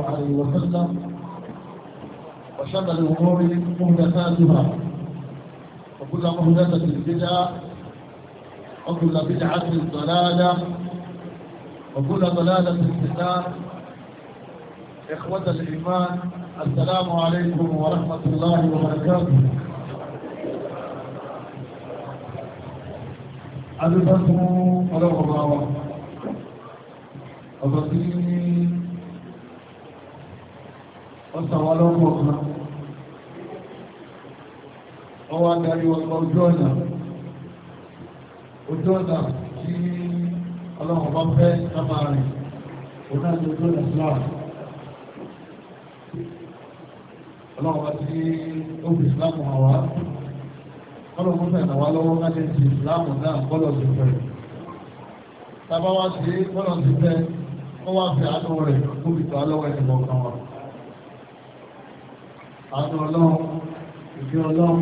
الله عليه وسلم وشر الأمور محدثاتها وكل محدثة بدعة وكل بدعة ضلالة وكل ضلالة في النار إخوة الإيمان السلام عليكم ورحمة الله وبركاته أدبكم ولو الله ọ̀rọ̀ Ọ wa lọ́wọ́ kan ọwọ́ adarí ọgbà tí ọlọ́run bá fẹ́ sábà rìn òun na ní ojú ọ̀nà Islam ọlọ́run bá ti ó fi Islam hàn wá ọlọ́run fẹ́ nà wá lọ́wọ́ láti ti Islam náà àánú ọlọ́run ìfẹ́ ọlọ́run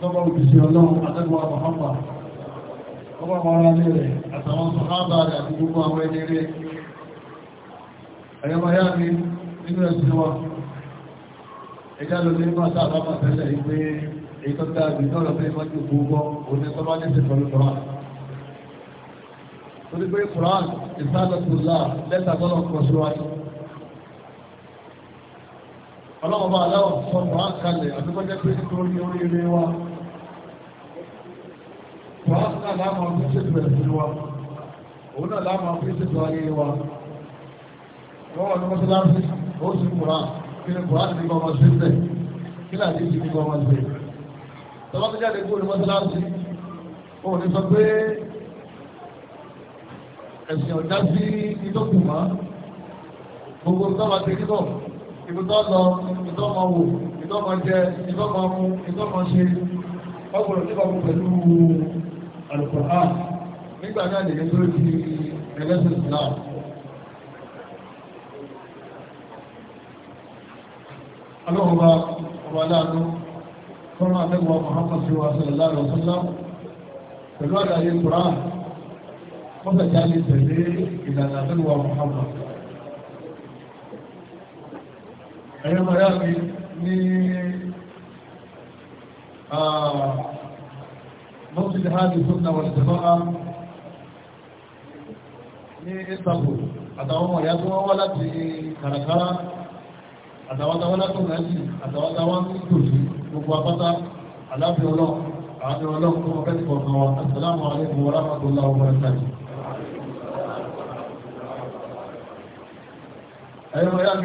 tọ́gbà òbíṣẹ́ ọlọ́run àtẹ́gbà àbàmọ́pà ọgbà mara lé rẹ̀ àtàwọn sọ̀hábà rẹ̀ àti gbogbo àwọn ẹni rẹ̀ ẹ̀yọmọ̀yá mi nínú ẹ̀sìn wa ẹjá ló ní máa sáà bá tẹ́lẹ̀ wípé èyí tó dáa jù náà lọ́pẹ́ ìmọ́jú gbogbo òní tó bá lẹ́sẹ̀ pẹ̀lú Quran torí pé Quran ìsálọ̀tò láà lẹ́tà tọ́lọ̀ kọ̀ síwájú ọlọ́wọ́ bá aláwọ̀ sọ́nù á kalẹ̀ àdúgbọ́jẹ́ pé nítorí oríire wa wà á náà láàmà fi ṣètò ẹ̀sìn wa òun náà láàmà fi ṣètò ayé wa wọ́n wà ní mọ́sálásí ó sì kúrà kí ni kúrà ní bọ́mọ sí bẹ́ẹ̀ kí ni àdéhùn ní bọ́mọ sí bẹ́ẹ̀ tọ́lá tó jáde kúrò ní mọ́sálásí òun ní sọ pé ẹ̀sìn ọ̀dá sí ìdókùnmá gbogbo nǹkan wa ti rí bọ̀ ìbùtọ́ lọ ìtọ́ máa wò ìtọ́ máa jẹ ìtọ́ máa mú ìtọ́ máa ṣe ọgbọ̀n tí wọ́n pẹ̀lú àlùkọ̀á nígbà náà lè tó di ẹlẹ́sìn náà. alóhùnba ọba aláàánú fọ́nà àtẹ́wọ̀ Muhammad siwa sallallahu alaihi wa sallam pẹ̀lú àdáyé kura wọ́n fẹ̀ jáde tẹ̀lé ìlànà àtẹ́wọ̀ Muhammad ẹ̀yọ́ mara mi ní mọ́sílẹ̀ hajji fún àwọn ìjọba ní istanbul àtàwọn ọmọ ìyá tó wọ́n wá láti kàràkàrà àtàwátáwá látún láti àtàwátáwá ní ìtòsí gbogbo apáta aláfẹ́ ọlọ́run àti ọlọ́run tó wọ́n fẹ́ ti kọ̀ọ̀kan wa assalamu alaikum wa mi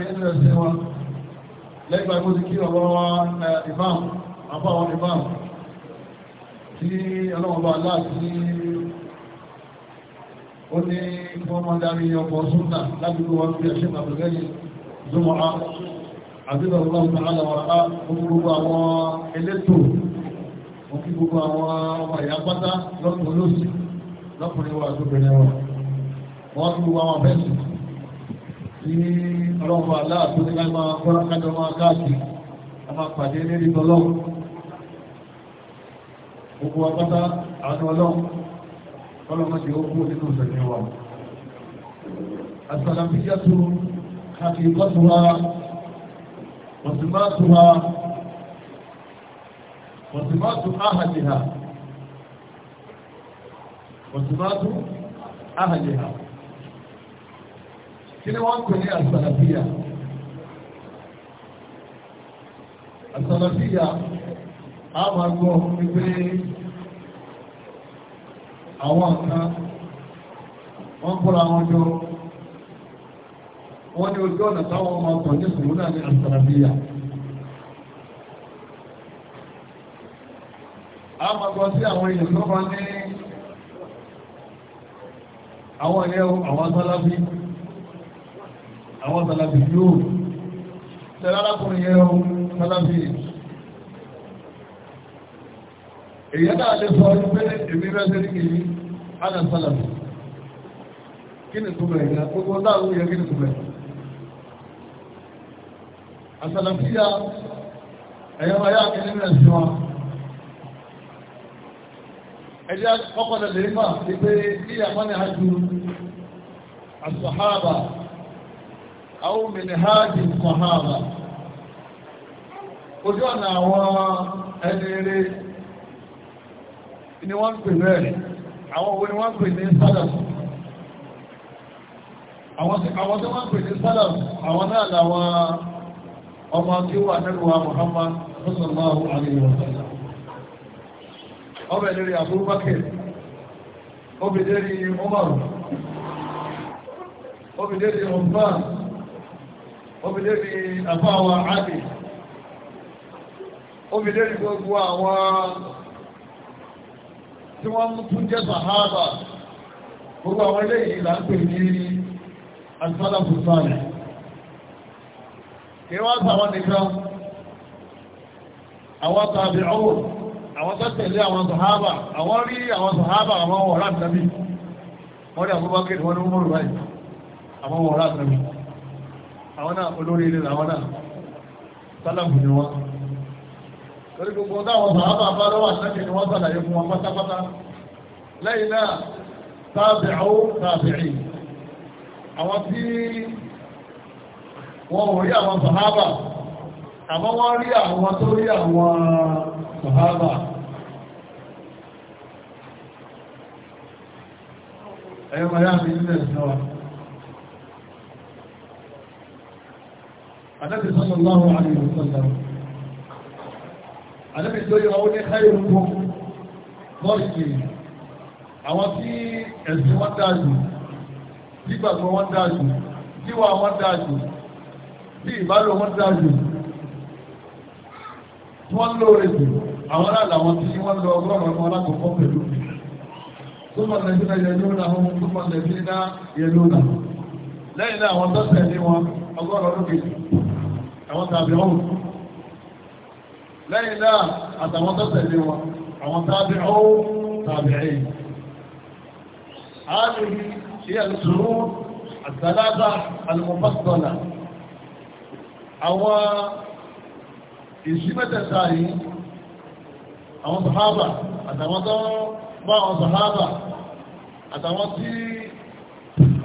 ní ẹ̀sìn lẹ́gbà ẹgbó ti kí ọlọ́wọ́ ìbáhùn àbáwọn ìbáhùn tí ọlọ́wọ́bá láti ó ní wọ́n mọ́ darí ọkọ̀ súnà láti ló wọ́n bí ẹ̀ṣẹ́ àbúgẹ́lì zúmọ̀ á àbíbẹ̀ ọlọ́wọ́ aláwọ̀ á gbogbo àwọn elétò wọ́n kí gbogbo àwọn ọmọ ìyá pátá tí ọlọ́run aláàtò ní láì máa kọ́rọ́ kájọ máa káàkiri a máa pàdé lérí tọ́lọ́run gbogbo apáta àánú ọlọ́run ọlọ́run ti ó kú nínú ìṣẹ̀lẹ̀ wa àtàlàmíyàtò àti ìkọ́tùwa ọ̀tùmátùwa ọ̀tùmátù áhàdìhà ọ̀tùmátù kí ni wọ́n ń pè ní àsàlàfíà àsàlàfíà a máa gbọ́ wípé àwọn kan wọ́n kóra wọn jọ wọ́n ní ojú ọ̀nà táwọn ọmọ ọkọ̀ ní sùúrù náà ní àsàlàfíà a máa gbọ́ sí àwọn èèyàn tó bá ní àwọn ẹ̀yẹ́ àwọn sàlàfíà àwọn sàlàbí yóò tẹ́lá alákùnrin yẹn ohun sàlàbí èyí náà lè sọ ọdún pé èmi rẹ́sẹ̀ ní kìí ánà sàlàbí kí ni túnbẹ̀ ìyá gbogbo láàrú yẹ kí ni túnbẹ̀ àsàlàfíà ẹ̀yọ́ ayá kìíní rẹ̀ sí wọn ẹjẹ́ kọ́kọ́ lè lè mà pé ní àmọ́ni àjù àsàhábà àwọn mìnìhájì sọ̀háàbà ojú ọ̀nà àwọn ẹni eré ni wọ́n ń pè bẹ́ẹ̀ àwọn owó ni wọ́n ń pè ní na àwọn tí wọ́n ń pè ní sálàmù àwọn náà làwọn ọmọ tí wà nẹ́lùwà wa sallam obìnrin ni àbá wa àdì obìnrin ni gbogbo àwọn tí wọ́n mú tún jẹ́ sàhábà gbogbo àwọn ilé yìí là ń pè ní asálà fúsàlì kí wọ́n sàwọn nìkan àwọn tàbí ọwọ́ àwọn tẹ́tẹ̀lé àwọn sàhábà àwọn rí àwọn sàhábà àwọn wọ̀rá nàbí wọ́n rí àbúbákẹ́ wọ́n ní mọ́rù báyìí àwọn wọ̀rá nàbí àwọn náà olórí ilé làwọn náà sálàmù ni wọn torí gbogbo táwọn sàábà bá lọ́wọ́ àtàkì ni wọ́n sàlàyé fún wọn pátápátá lẹ́yìn náà tàbí àwọn tàbí àwọn tí wọ́n ò rí àwọn sàábà àmọ́ wọ́n rí àwọn tó rí àwọn sàábà ẹ̀yọ́ mayá mi nílẹ̀ ìsinmi Ànábì sallallahu alaihi wasallam. Ànábì tó yọ ó ní káyọ̀ lóko lọ́ọ̀kì àwọn tí ẹ̀sìn wọn dáa jù, gbígbàgbọ́ wọn dáa jù, wíwà wọn dáa jù, bí ìbálò wọn dáa jù, tí wọ́n lóore jù, àwọn aláàlàwọn tí wọ́n lọ ọgọ́rùn-ún Lẹ́yìn àwọn tó tẹ̀lé wọn ọgọ́rùn lókè àwọn tàbí ọ̀hún lẹ́yìn náà àtàwọn tó tẹ̀lé wọn àwọn tàbí ọ̀hún tàbí ẹ̀yìn àádìí ìyá ìṣòro àtàlágbà alùmọ̀fàtọ́là àwọn ìṣímẹ́tẹ̀ta yìí àwọn sàhábà àtàwọn tó bá àwọn sàhábà àtàwọn tí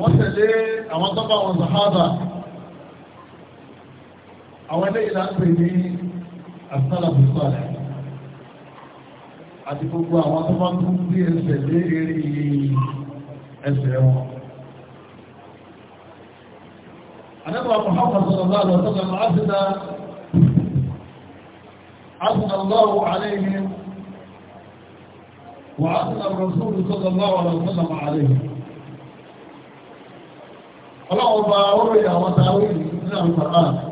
wọ́n tẹ̀lé àwọn tó bá àwọn sàhábà àwọn eléyìí là ń pè ní asálàbù sọ́ọ̀lẹ̀ àti gbogbo àwọn tó máa ń tún bí ẹsẹ̀ lé eré ẹsẹ̀ wọn. Àdẹ́bà Muhammad sallallahu alaihi wa sallam àfihàn àfihàn Allahu alaihi wa àfihàn Rasul sallallahu alaihi wa sallam alaihi. Ọlọ́run bá orí àwọn tàwí ní àwọn Qur'an.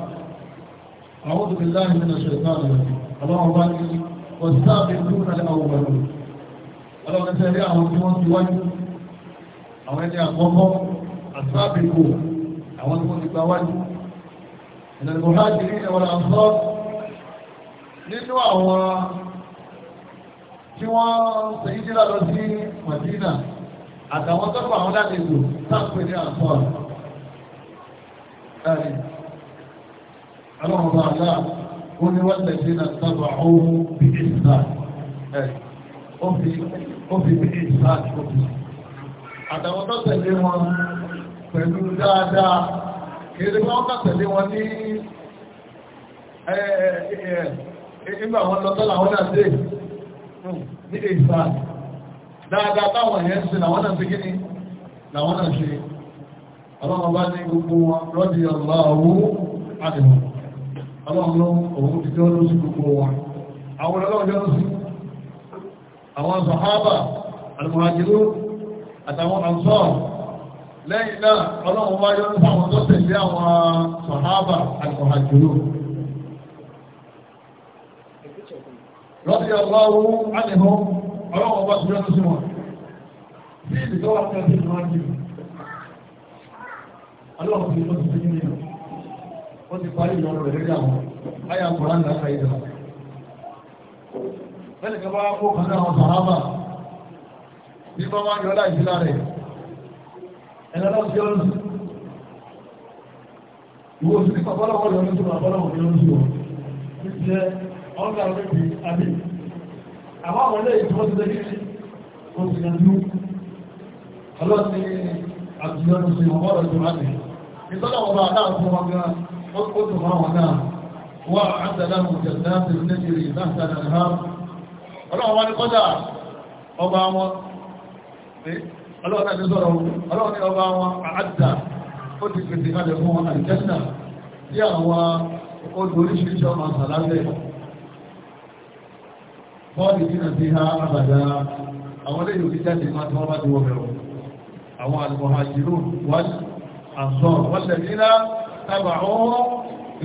أعوذ بالله من الشيطان الرجيم اللهم بارك والسابقون الأولون اللهم سريع وانتوان جوان àwọn ẹni àkọ́kọ́ àtàbíkò àwọn tí wọ́n ti gba wájú ìlànà mọ̀hájìrí ẹwọ́n àṣọ́ nínú àwọn tí wọ́n ṣe ìjìlá lọ sí Madina àtàwọn tọ́pọ̀ àwọn láti lò sáàpẹ̀ ní àṣọ́ àwọn ọba àlá ó ní wọ́n tẹ̀sí náà sábà ọ̀hún bí ìsà ẹ̀ ó fi bí ìsà òbí. àtàwọn tó tẹ̀lé wọn pẹ̀lú dáadáa kéré wọn kà tẹ̀lé wọn ní nígbà wọn lọ tọ́lá wọn náà dé hmm, ní ìsà dáadáa táwọn yẹn ń ṣe làwọn náà ṣe kí ni làwọn náà ṣe ọlọ́run bá ní gbogbo wọn lọ́dí ọ̀lá owó àdìmọ̀ ọlọ́run òun ti jọ́ lóṣù gbogbo wa àwọn ọlọ́run jọ́ lóṣù àwọn sàhábà alùmọ̀hajìlú àtàwọn àǹsọ́ lẹ́yìn náà ọlọ́run wá yọ́ lóṣù àwọn tó tẹ̀lé àwọn sàhábà alùmọ̀hajìlú rọ́bì ọlọ́run ánìhó ọlọ́run bá ti jọ́ lóṣù wọn sí ìdíkọ́ wà ní ọdún ìwájú ó ti parí ìlọ́rọ̀ rẹ̀ lórí àwọn ayé àkùrá ń dáka ìdá bẹ́ẹ̀ nìkan bá kó kan náà sàrábà bí bá máa ń yọ láì sílá rẹ̀ ẹ̀rọ náà ti ọ́nù ìwọ òsì nípa bọ́lọ́wọ́ lọ ní ìtura bọ́lọ́wọ́ ní oúnjẹ ọ̀ ti jẹ́ ọ̀gá méjì àbí àwọn àwọn ilé ìtura ti lẹ́yìn ó ti yàn ọlọ́ọ̀ni àti yọ̀nù sí ọmọ rẹ̀ tó wá فاسقط معنا وأعد له جنات تجري تحت الأنهار ọlọ́run wá ní kọ́dà ọba wọn ọlọ́run náà ti sọ̀rọ̀ ọlọ́run ní ọba wọn àádà ó ti pèsè kalẹ̀ fún àìjẹ́nà tí àwọn odò oríṣiríṣi ọmọ àṣàlálẹ̀ bọ́ọ̀lì tí náà ti ha àbàdà àwọn olóyìn òbí jáde máa tí wọ́n bá ti wọ́n bẹ̀rù àwọn àlùmọ̀hàjìrò wọ́n àṣọ wọ́n tẹ̀lé náà sábà ọ́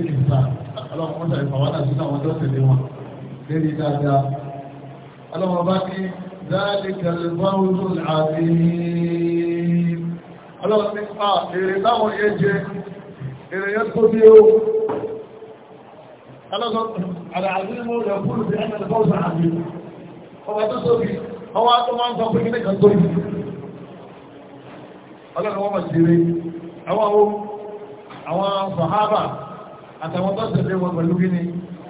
ìlú ìta ọlọ́run mọ́ta ìfàwádà sí àwọn ọjọ́ tẹ̀lé wọn lérí dáadáa ọlọ́run bá ní dáadé kẹlẹ̀báwọ́dù àbí ọlọ́run nípa èrè táwọn yẹ jẹ èrè yẹ tó bí ó ọlọ́run àwọn sàhábà àtàwọn tó tẹ̀lé wọn pẹ̀lú gíní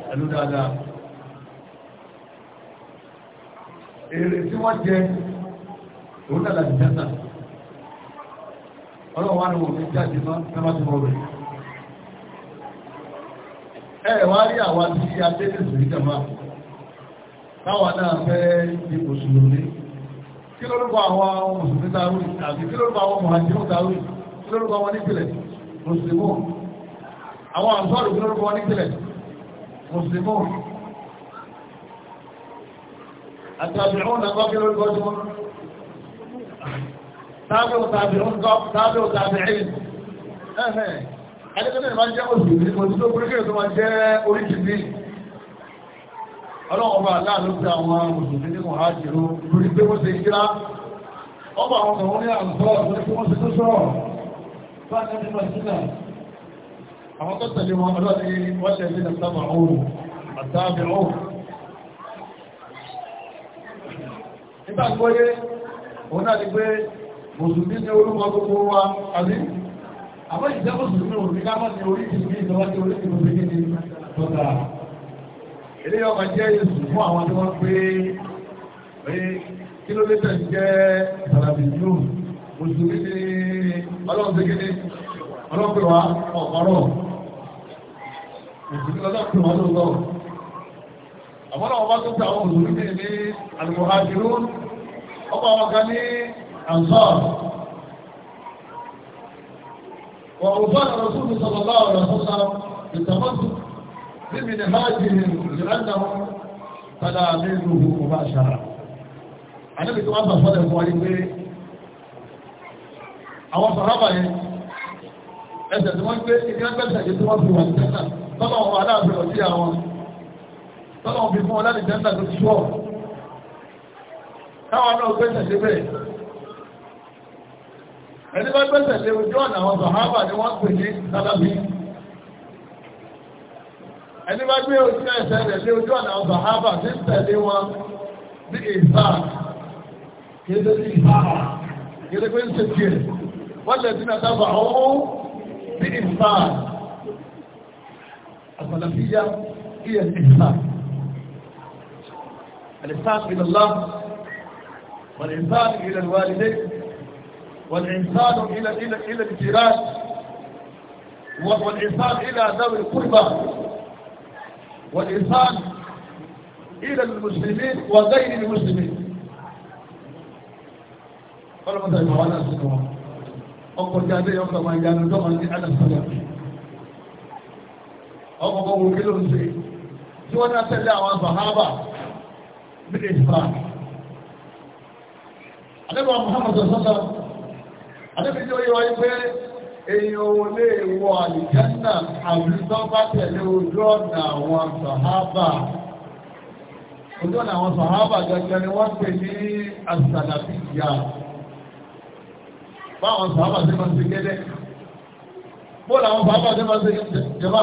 pẹ̀lú dáadáa èrè tí wọ́n jẹ òun náà láti jẹ́ náà ọlọ́wọ́ wá ní wọ́n ní jáde mọ́ ẹmọ́ tí wọ́n rẹ̀ ẹ̀ wá rí àwọn tí a tẹ́lẹ̀ sí ìjọba táwọn náà fẹ́ di mùsùlùmí kí lórúkọ àwọn mùsùlùmí táwí àti kí lórúkọ àwọn mùhàjírù táwí kí lórúkọ àwọn nípìnlẹ̀ mùsùlùmù àwọn àǹsọ́rù kí lórúkọ ní tẹ́lẹ̀ mùsùlùmù àtàbíhún nàkọ́ kí lórúkọ tí wọ́n tábíhún tàbíhún kọ́ tábíhún tàbíhìn ẹ̀hẹ̀ adékọ́tẹ̀ máa jẹ́ mùsùlùmí kò tí tó kúrú kí lórúkọ jẹ́ oríkìmí ọlọ́ọ̀bà aláàlú pé àwọn mùsùlùmí ní mọ̀hájìrú lórí pé wọ́n ṣe kíra ọba àwọn ọmọ wọn ní àǹsọ́rù Àwọn tó tẹ̀lé wọn ọlọ́dí wọ́n tẹ̀lé ní sábà oòrùn àtàbí oòrùn. Nígbà gbóyé, òun náà ti gbé Mùsùlùmí ní orúkọ gbogbo wa, àbí? Àwọn ìjẹ́ Mùsùlùmí òun ní ká mọ́ sí orí ìsìnkú ìjọba tí orí ìsìnkú ìjọba tí tọ́ta. Ilé ọmọ jẹ́ Yéṣù fún ọlọ́run ṣe kéde ọlọ́pẹ̀ wa ọ̀pọ̀rọ̀ òṣìṣẹ́ ọlọ́pẹ̀ wa ló lọ. àmọ́ náà wọ́n bá tó ta àwọn òṣèlú ní ní àlùmọ̀hájúrú ọba wọn kan ní àǹsọ́. wọ́n ò bá ọ̀rọ̀ sóbi sọ̀rọ̀ bá àwọn sàrábà yẹn ẹsẹ̀ tí wọ́n gbé ìgbẹ́gbẹ́sẹ̀ yìí tí wọ́n fi wà ní tẹ́ńtà tọ́lọ̀ wọn aláàbẹ̀ ọ̀sí àwọn tọ́lọ̀ wọn fi fún ọlá ní tẹ́ńtà tó ti ṣọ́ káwọn náà gbẹ́sẹ̀ débẹ̀ ẹni bá gbẹ́sẹ̀ lé ojú ọ̀nà àwọn sàhábà ni wọ́n pè ní sálábí ẹni bá gbé ojú ẹsẹ̀ rẹ̀ lé ojú ọ̀nà àwọn sàhábà ti ń tẹ̀lé wọn bí ìfà kéde bí ìfà kéde pé ń ṣe tiẹ̀ والذين تبعوا بإحسان السلفية هي الإحسان الإحسان إلى الله والإحسان إلى الوالدين والإحسان إلى إلى إلى الجيران والإحسان إلى ذوي القربى والإحسان إلى المسلمين وغير المسلمين قال ماذا يقول ọkọ̀ tí a bẹ́ yọkọ̀ máa yanu tọ́mọ̀ sí alẹ́sọ̀lá ọkọ̀ kan wò kí ló ń se tí wọ́n náà tẹ̀lé àwọn sàhábà bí lè fà àdébà Muhammadu sọ́sọ́ àdébà tí ó yọ ẹgbẹ́ èèyàn ò lè wọ àlìjánà àwùjọ bá tẹ̀lé ojú ọ̀nà àwọn sàhábà ojú ọ̀nà àwọn sàhábà gẹ́gẹ́ ni wọ́n pè ní àsàlàfíyà báwọn sàábà ṣe máa ń ṣe gẹ́gẹ́ bóòlù àwọn sàábà ṣe máa ń ṣe jẹba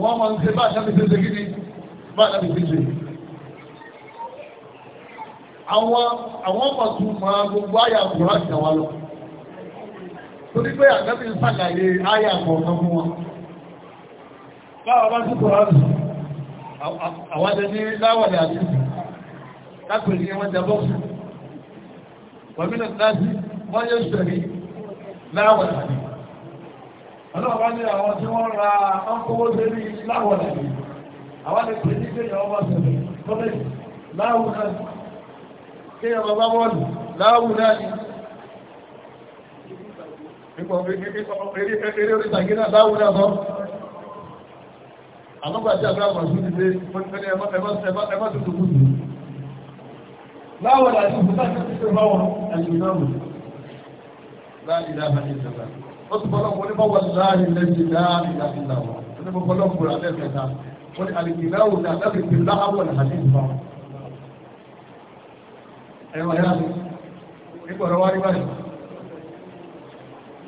wọ́n máa ń ṣe bá àṣàbí ṣe ṣe kí ni bá àṣàbí ṣe ṣe. àwọn àwọn ọmọ tún máa gbogbo àyà àkùrá ìjà wa lọ torí pé àgbẹ̀bí ń ṣàlàyé àyà àkọ̀ọ̀kan fún wọn. báwa bá tún kọ̀ọ̀rọ̀ àdùn àwọn ẹni láwọ̀lẹ̀ àdìsí lápẹ̀lẹ̀ wọn jẹ bọ́ọ̀sì wàmínà náà wọ́n yẹ́ ìṣẹ̀rí láwọ̀ ìlànà ọlọ́wọ́ ní àwọn tí wọ́n ra ọkọ̀wọ́ lérí láwọ̀ ìlànà àwọn lè pè ní kéèyàn ọmọ sẹ̀rẹ̀ kọ́lẹ̀ láwù náà kéèyàn bàbá bọ́ọ̀lù láwù náà ni nípa eré orí tàgé náà láwù náà sọ àmọ́gbàtí àbúrà màsú ti dé pẹ́lú ẹmọ́ tuntun kùtù láwọ̀ ìlànà ìfúnná láìláha ìjọba ó sì fọlọ́ wọn ní bá wọn láàyè lẹ́sìn láìláha ìlàwọ̀ ó ní bá fọlọ́ wọn rà lẹ́sẹ̀ta wọn ní àlìkìláwò ní àtàkìtì láàwọ̀ àti ìfọ̀ ẹ̀wọ̀n yára mi nígbà ọ̀rọ̀ wá rí báyìí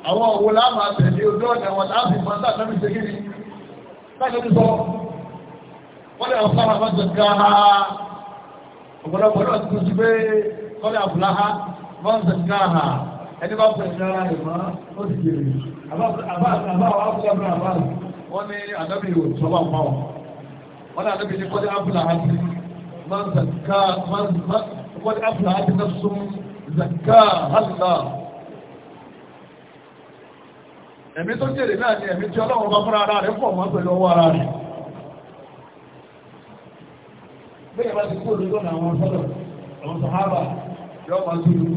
àwọn òwò láàmà tẹ̀lé ojú ọ̀nà wọn láàfin mọ́ láàrín ṣe gírí láàrín sọ wọ́n lè ọ̀fà àwọn jẹ̀gá ọ̀pọ̀lọpọ̀ náà ti tún sí pé kọ́lẹ̀ àbúláhá wọ́n jẹ̀gá ẹni bá fún ìṣẹ́ ara rẹ̀ mọ́ ó sì jèrè àbáwọ̀ ápùlà àbáwọ̀ wọ́n ní ànábì ò sọ́bà pa ọ̀ wọ́n ní ànábì ní kọ́dé ápùlà àti máa ń zàkà kọ́dé ápùlà àti náà sún zàkà hàlùlà ẹ̀mí tó jèrè náà ni ẹ̀mí tí ọlọ́run bá fúnra ara rẹ̀ pọ̀ mọ́ pẹ̀lú ọwọ́ ara rẹ̀ bẹ́ẹ̀ bá ti kó olùdó àwọn sọ́dọ̀ àwọn sàhábà yóò máa tó ìlú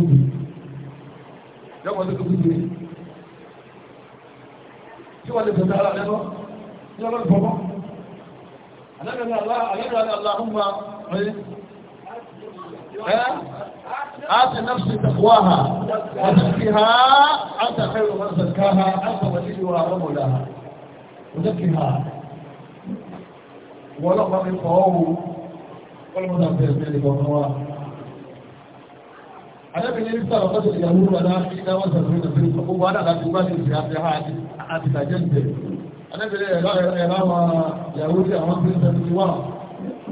yọ̀wọ̀ tó tóbi gbé tí wọ́n lè fẹ́ sára lẹ́nu ní ọlọ́run fọwọ́ alẹ́gbẹ̀rẹ́ aláhùnmá rẹ̀ آت نفس تقواها وزكها أنت خير من زكاها أنت وليها ومولاها وزكها ولو من قوه والمدبر ذلك وقواه arábìnrin ní sáà ọkọ̀ tẹ̀lé ìyàwó wà láti dáwọ́ sàrúnà sí gbogbo adága tó bá ti fi àti ha àti tàjẹ́ ìjẹ́ arábìnrin ẹ̀rọ ẹ̀rọ àwọn ìyàwó tí àwọn tí ń sẹ́ni ti wà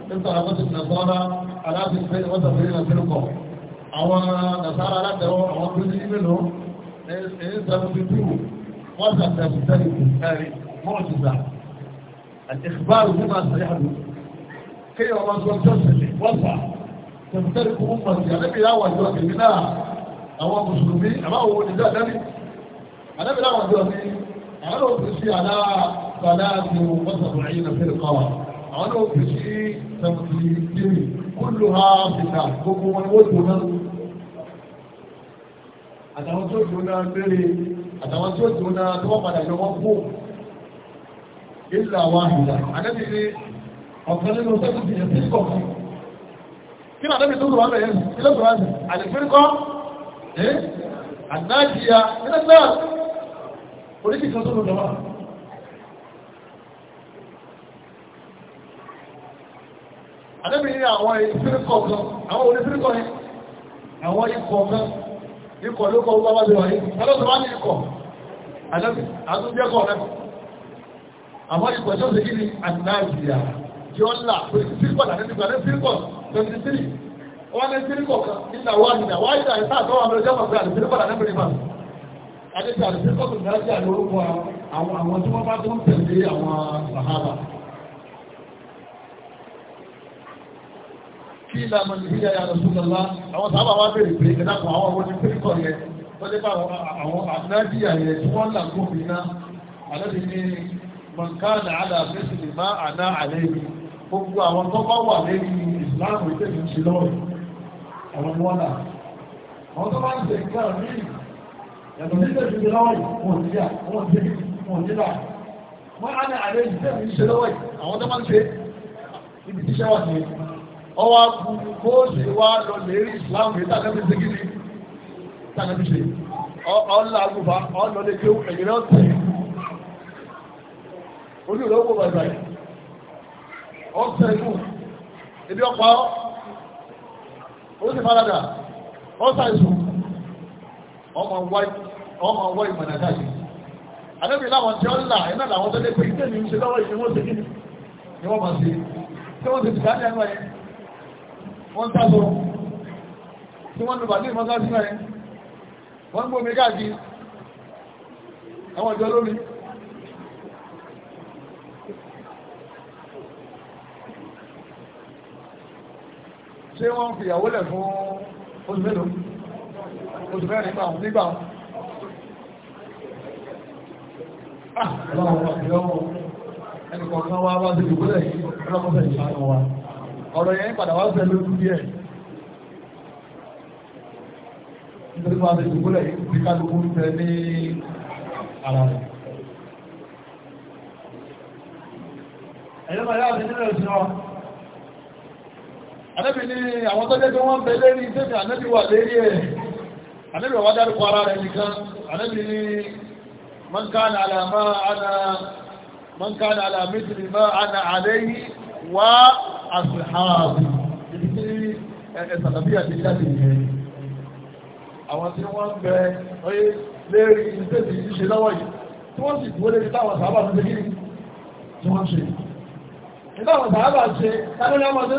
ní sáà ọkọ̀ tẹ̀lé nàṣọ́ra aláàbí fẹ́ ìwọ́n sàrúnà nà sínú kọ̀ àwọn nàṣàrà alátẹ̀wọ́ àwọn tó ní ìmìnú ẹ̀yìn sàrún ti tú wọ́n sàtẹ̀kù sẹ́ni kù ẹ̀rí tẹ̀mítẹ́rì kún mọ̀ sí àdébí yà wà jọ tèmi náà àwọn mùsùlùmí àbáwò wo nìjọ àdébí àdébí yà wà jọ mi àwọn náà fi sí àlá bàlá àti wọ́sàbọ̀ ayé na fẹ́rẹ̀ kọ́wà àwọn náà fi sí tẹ̀mítì kiri kúlù ha fìtà gbogbo wọn wọ́n jò náà àtàwọn tó jò náà béèrè àtàwọn tó jò náà tó wọ́n padà yọ wọ́n kú ìlà wàhìlà àdébí ni ọ̀kan nínú sẹ́kùtì kí náà lẹ́bí tó rọ̀ lẹ́yìn ilé tó rọ̀ àlèfínkọ́ ẹ́ àdájíyà ilé tó rọ̀ oríṣìí kan tó rọ̀ lọ́wọ́ àlẹ́bí ní àwọn ìfínkọ́ kan àwọn onífínkọ́ yẹn àwọn ikọ̀ kan ikọ̀ ló kọ́ wọ́n wájú wáyé ọlọ́sọ̀ wá ní kí ni àdájíyà tí ó ń là pé fínkọ̀ twenty three wọ́n ní tírí kọ̀ọ̀kan nígbà wà nínú àwọn àìsàn àìsàn àtọ́wọ́ àmì ọjọ́ ọ̀gbẹ́ àdìsírí padà nẹ́bìrì máa àdìsí àdìsírí kọ̀ọ̀kan ní àti àlórúkọ àwọn àwọn tí wọ́n bá tó ń tẹ̀lé àwọn sàhábà kí ìlànà ìhíyà yà lọ́sùnlọ́lá àwọn sábà wá bèèrè pé ìdákan àwọn ọmọ ní tírí kọ̀ yẹ tó dé bá àwọn àdínájíyà yẹ tí wọ́n là kó mi ná àlọ́dì ní mọ̀nkánà àdà mẹ́sìlì má àná àlẹ́ gbogbo àwọn tó bá wà lẹ́yìn ìsìláàmù ìtẹ́lẹ̀ ń ṣe lọ́wọ́ àwọn mọ́nà àwọn tó bá ń ṣe nǹkan rí yàtọ̀ ní ìtẹ́lẹ̀ ṣe lọ́wọ́ wọn ti yà wọn ti wọn ti là wọ́n á ní àlẹ́ ìtẹ́lẹ̀ ń ṣe lọ́wọ́ àwọn tó bá ń ṣe ibi tí ṣẹ́wà ní ọwọ́ kú kó ṣe wá lọ lérí ìsìláàmù ìtàkẹ́bí ṣe kí ni ìtàkẹ́bí ṣe ọ̀ọ́lá agbófa ọ̀ọ́lọ́lẹ́ kí ó ẹ̀yìn náà tẹ̀ ojú ìlọ́wọ́ bàbá ọ̀sẹ̀ ìlú ebi ọ̀pá ó sì farada ó sàìsù ọmọ wá ìmọ̀nà káàkiri àdébì láwọn tí ó ń là iná làwọn tó lé pé ìdé ní ṣe lọ́wọ́ ìṣẹ́ wọ́n ti kí ni wọ́n mọ̀ sí tí wọ́n ti ti káàkiri ẹnu ẹ̀ wọ́n sáso tí wọ́n lù bàtí ìmọ̀ká sí ẹ̀ wọ́n gbómi káàkiri àwọn ìjọ lórí ṣé wọ́n fi ìyàwó lẹ̀ fún oṣù mélòó oṣù mẹ́rin nígbà wọn ah, nígbà wọn. ẹnìkọ̀ọ̀kan wá wá sí ìdúgbòlẹ̀ yìí ọlọ́mọfẹ́ ìṣàánú wa ọ̀rọ̀ yẹn padà wá sẹ́ lójú díẹ̀ nítorí wá sí ìdúgbòlẹ̀ yìí ti kálukú ń tẹ ní ara rẹ̀. ẹ̀yọ́ máa yára sí nílẹ̀ òṣìṣẹ́ wa. Ànábì ní àwọn tọ́jẹ́ tó wọ́n bẹ lérí tẹ́fẹ́ ànábì wà lérí ẹ̀. Ànábì wà dárúkọ ara rẹ̀ nìkan. Ànábì ní man kana ala ma ana man kana ala mithli ma ana alayhi wa ashabi. Ibi tí ẹ̀sàtàbí àti jáde yẹn. Àwọn tí wọ́n bẹ oyé lérí tẹ́fẹ́ ìṣe lọ́wọ́ yìí. Tí wọ́n sì dúró lérí táwọn sábà ń ṣe kí ni? Tí wọ́n ṣe. Ìgbà àwọn sábà ṣe, tánú ní ọmọdé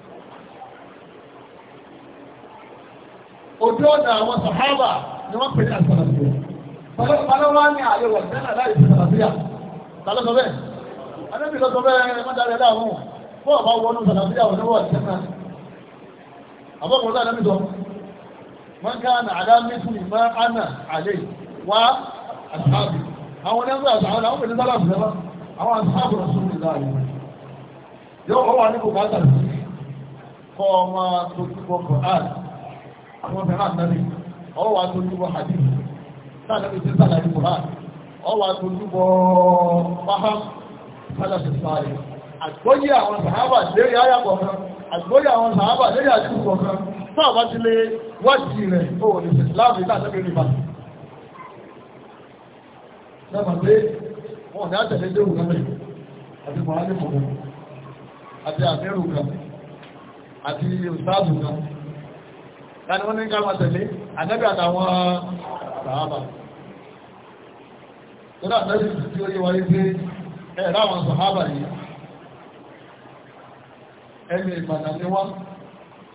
ojú ọ̀nà àwọn sàhábà ni wọ́n pè ní àsàlàfíà balọ́wọ́ ní ààyè wọ̀ sẹ́nà láì sí sàlàfíà balọ́ sọ bẹ́ẹ̀ anábì lọ sọ bẹ́ẹ̀ mọ́tàlẹ́ láàmú fún ọ̀bá wọnú sàlàfíà wọ̀ níwọ̀ sẹ́nà àbọ̀kùnrin náà lábì sọ wọ́n ká nà àdá mẹ́sìn ànà àlè wá àsàbì àwọn ẹgbẹ́ àsàwọn àwọn pèsè sálàfù lẹ́wọ́ àwọn àsàbù rẹ̀ sórí láàrin yóò wọ́n wà ní kò bá sàlàfíà kọ́ ọmọ tó kíkọ́ kọ́ áàdì àwọn fẹ́ràn àtàrí ọwọ́ wa hadith sáàdẹ́bí tí sàlàyé Quran ọwọ́ wa tó júbọ faham sálàsì sáré àgbóyé àwọn sàhábà lérí ayàbọ̀ kan àgbóyé àwọn sàhábà lérí àjúkọ̀ kan sáàbá ti lé wájì rẹ̀ ó wò tani wọ́n ní ká máa tẹ̀lé ànábì àtàwọn sàábà tọ́lá ànábì tí ó yé wa yé pé ẹ̀ láwọn sàábà yìí ẹni ìmọ̀nà ni wọ́n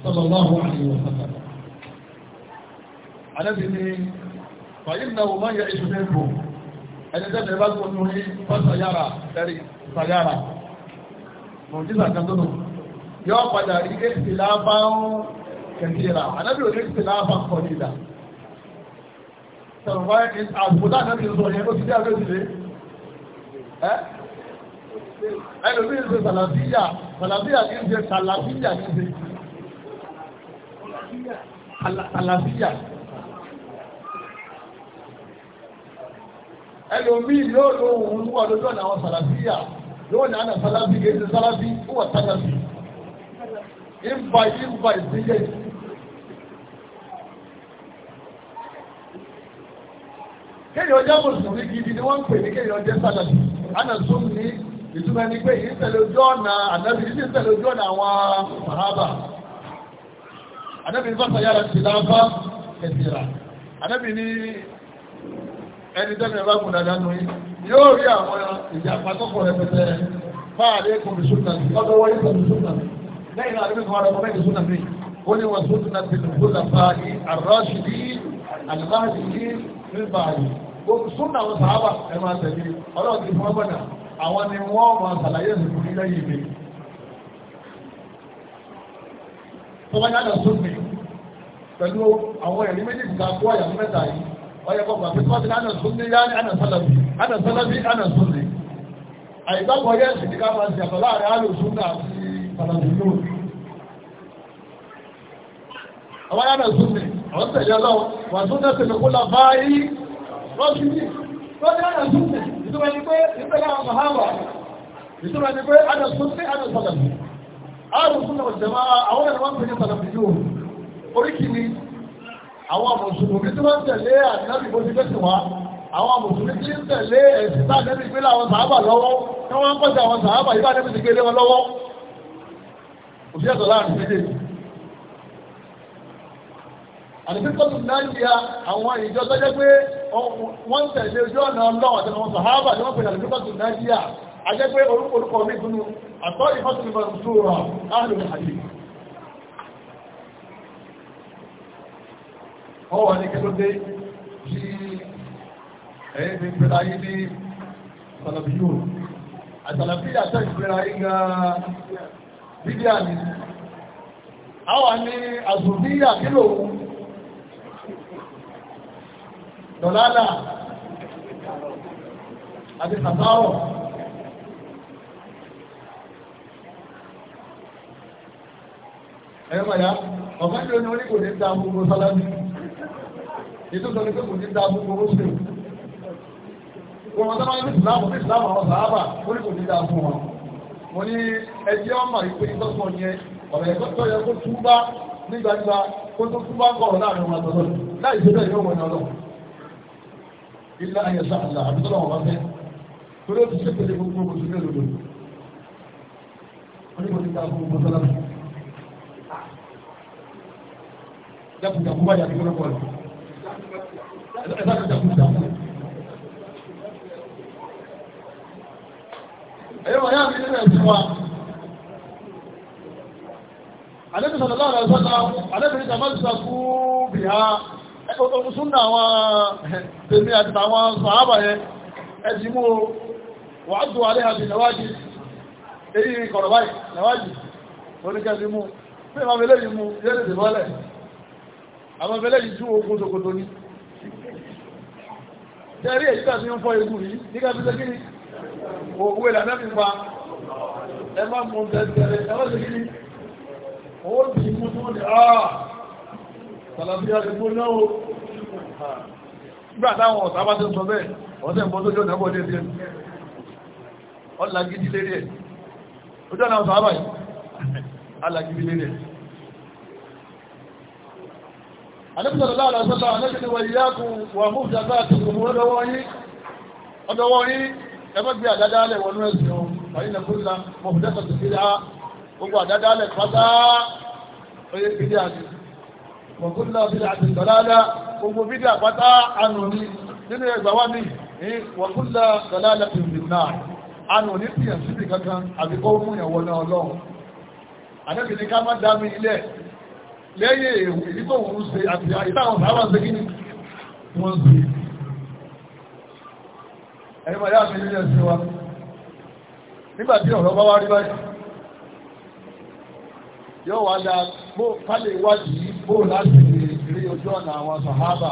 sallallahu alaihi wa sallam ànábì ni fàyín náà wọ́n yẹ iṣu ní ìbò ẹni tẹ́lẹ̀ bá kẹ̀kẹ́ra ànábì ò ní sí láàbà ní àbùkù ẹlòmíì yóò lo òun wà lójú ọ̀nà àwọn sàlàfíà yóò ní àná sàlàfí kì sàlàfí ó wà sàlàfí ìmbà ìmbà ìdíyẹ. kéèyàn jẹ́ mùsùlùmí gidi ni wọ́n ń pè ní kéèyàn jẹ́ sàlàbí anasum ní ìtumọ̀ ẹni pé yìí ń tẹ̀lé ojú ọ̀nà ànábì yìí ń tẹ̀lé ojú ọ̀nà àwọn sàhábà ànábì ní fásitì yára ti lábá kẹsìrà ànábì ní ẹni tẹ́lẹ̀ bá gùn dáadáa nù yìí yóò rí àwọn ìjà pàtọ́kọ̀ rẹpẹtẹ fáàdé kọmíṣúnà lọ́dọ̀ wọ́n yóò kọmíṣúnà lẹ́yìn àdébí kan súnà àwọn sàábà ẹ máa tẹ̀lé ọlọ́run ti fún ọgbọ̀nà àwọn ni wọ́n máa ṣàlàyé ìsìnkú ní lẹ́yìn ìgbé tó bá yàtọ̀ súnmi pẹ̀lú àwọn ẹ̀rí méjì ìta kó àyà mẹ́ta yìí ọyẹ kọ̀ọ̀kan pé kọ́sí ánà súnmi yá ní ánà sálàbí ánà sálàbí ánà súnmi àìgbàgbọ́ yẹ́ sì ní ká máa ṣe àtọ̀ láàrin àlò súnà àti sálàbí lóò àwọn ánà súnmi àwọn tẹ̀lé ọlọ́run wà súnà tẹ̀lé kó rọ́ṣìlì lọ́dẹ́ àdàsúnfẹ̀ ìtumọ̀ ni pé àwọn ọ̀háwà ní tí wọ́n tẹ̀lé àdínábì bó ti fẹ́sì wá àwọn mùsùlùmí tí ń tẹ̀lé ẹ̀sìn sáàdẹ́bì gbélé àwọn sàábà lọ́wọ́ tí wọ́n ń pọ̀jà àwọn sàábà ìbádẹ́bì ti gbélé wọn lọ́wọ́ àdìsíkọ́tù nàìjíríà àwọn ìjọ tó jẹ́ pé wọ́n ń tẹ̀lé ojú ọ̀nà ọlọ́wọ́ àti àwọn sàhábà ni wọ́n pè àdìsíkọ́tù nàìjíríà a jẹ́ pé orúkọ mi dunu àtọ́ ìfọ́tùnú mọ̀tòrò áhùn àdì wọ́n wà ní kẹ́lódé tí ẹ̀yìn fi pẹ̀lú ayé ní sàlàbíyò àtàlàbíyà tẹ́ ìpẹ̀lú ayé gan-an bíbí àmì àwọn àmì àzùbíyà kílò òun dọ̀lálà àti sàtárọ̀. ẹ̀rọ ya ọ̀gá ìlú ni wọ́n ní kò ní da gbogbo sálámì ètò sọ ní pé kò ní da gbogbo rúṣẹ̀ wọ́n sábà ní ìsìlámù ní ìsìlámù àwọn sàábà ó ní kò ní da fún wọn mo ní ẹjẹ́ ọmọ ìpè ìtọ́sọ̀ yẹn ọ̀rọ̀ ẹ̀kọ́ tó yẹ kó túbá nígbàgbà kó tó túbá kọ̀ láàrin wọn àtọ́lọ́ láì ṣe bẹ́ẹ̀ yóò wọ̀ ní ilé ayẹsẹ àlà àbíkọ́lá wọn bá fẹ́ torí ó ti ṣe pèlè gbogbo mùsùlùmí lòdò onígbò ti ta gbogbo sọlá jákujàku wáyà kí wọ́n bọ̀ ẹ̀ ẹ̀ jákujàku ẹ̀yọ́ wọ̀nyá mi nílẹ̀ ẹ̀sìn wa alẹ́ mi sọ̀rọ̀ lọ́rọ̀ ẹ̀sọ́ta alẹ́ mi ní sàmásìsà kú bìhá ẹ̀kọ́ súnà àwọn tèmi àti àwọn sàábà yẹn ẹ̀sì mú wà tó wà ní àti nàwájì èyí kọ̀rọ̀báyì nàwájì oníkẹ́sì mú pé ma fẹ́lẹ́ yìí mú yẹ́lẹ̀ ìbọ́lẹ̀ àwọn fẹ́lẹ́ yìí tú ogun tòkòtò ní tẹ́rí èyí tàbí ń fọ́ egun yìí ní ká fífẹ́ kíni òwe lànà mi pa ẹ má mú tẹ́tẹ́rẹ́ ẹ má ṣe kíni owó mú tó ní àà sàlàfíà ti kú náà nígbà táwọn ọ̀sá bá ti ń sọ bẹ́ẹ̀ ọ̀sẹ̀ ń bọ́ sójú ọ̀nà bọ́ déédéé ọ̀là gidi lérí ẹ̀ ojú ọ̀nà ọ̀sá báyìí ọ̀là gidi lérí ẹ̀ alẹ́bùsọ̀rọ̀ láàrín ọ̀sọ́lá alẹ́bìnrin wọ ìyákùn wà mú ìjàgbá àti ìgbòmù ọdọ́wọ́ yí ọdọ́wọ́ yí ẹgbẹ́gbẹ́ àdádálẹ̀ wọnú ẹ̀sìn ohun wàyí nà kúrìlà mọ̀fùdẹ́sọ̀ wọ̀kúnlá bídà àti ìgbàlálà gbogbo bídà pátá ànù ní nínú ẹgbà wá ní wọ̀kúnlá gbàlálà ti rìn náà ànù ní tìyàn síbi kankan àbí kó mú ìyàwó náà lọ́wọ́ àdébì ní ká má dá mi ilẹ̀ lẹ́yìn èwù èyí tó wù ú ṣe àti ìtàwọn sábà ń ṣe kí wọ́n ṣe ẹ̀yìn màá yá mi nílẹ̀ sí wa nígbà tí ọ̀rọ̀ bá wá rí báyìí yóò wá dáa bó kálẹ̀ ìwádìí bó láti rí ojú ọ̀nà àwọn sàhábà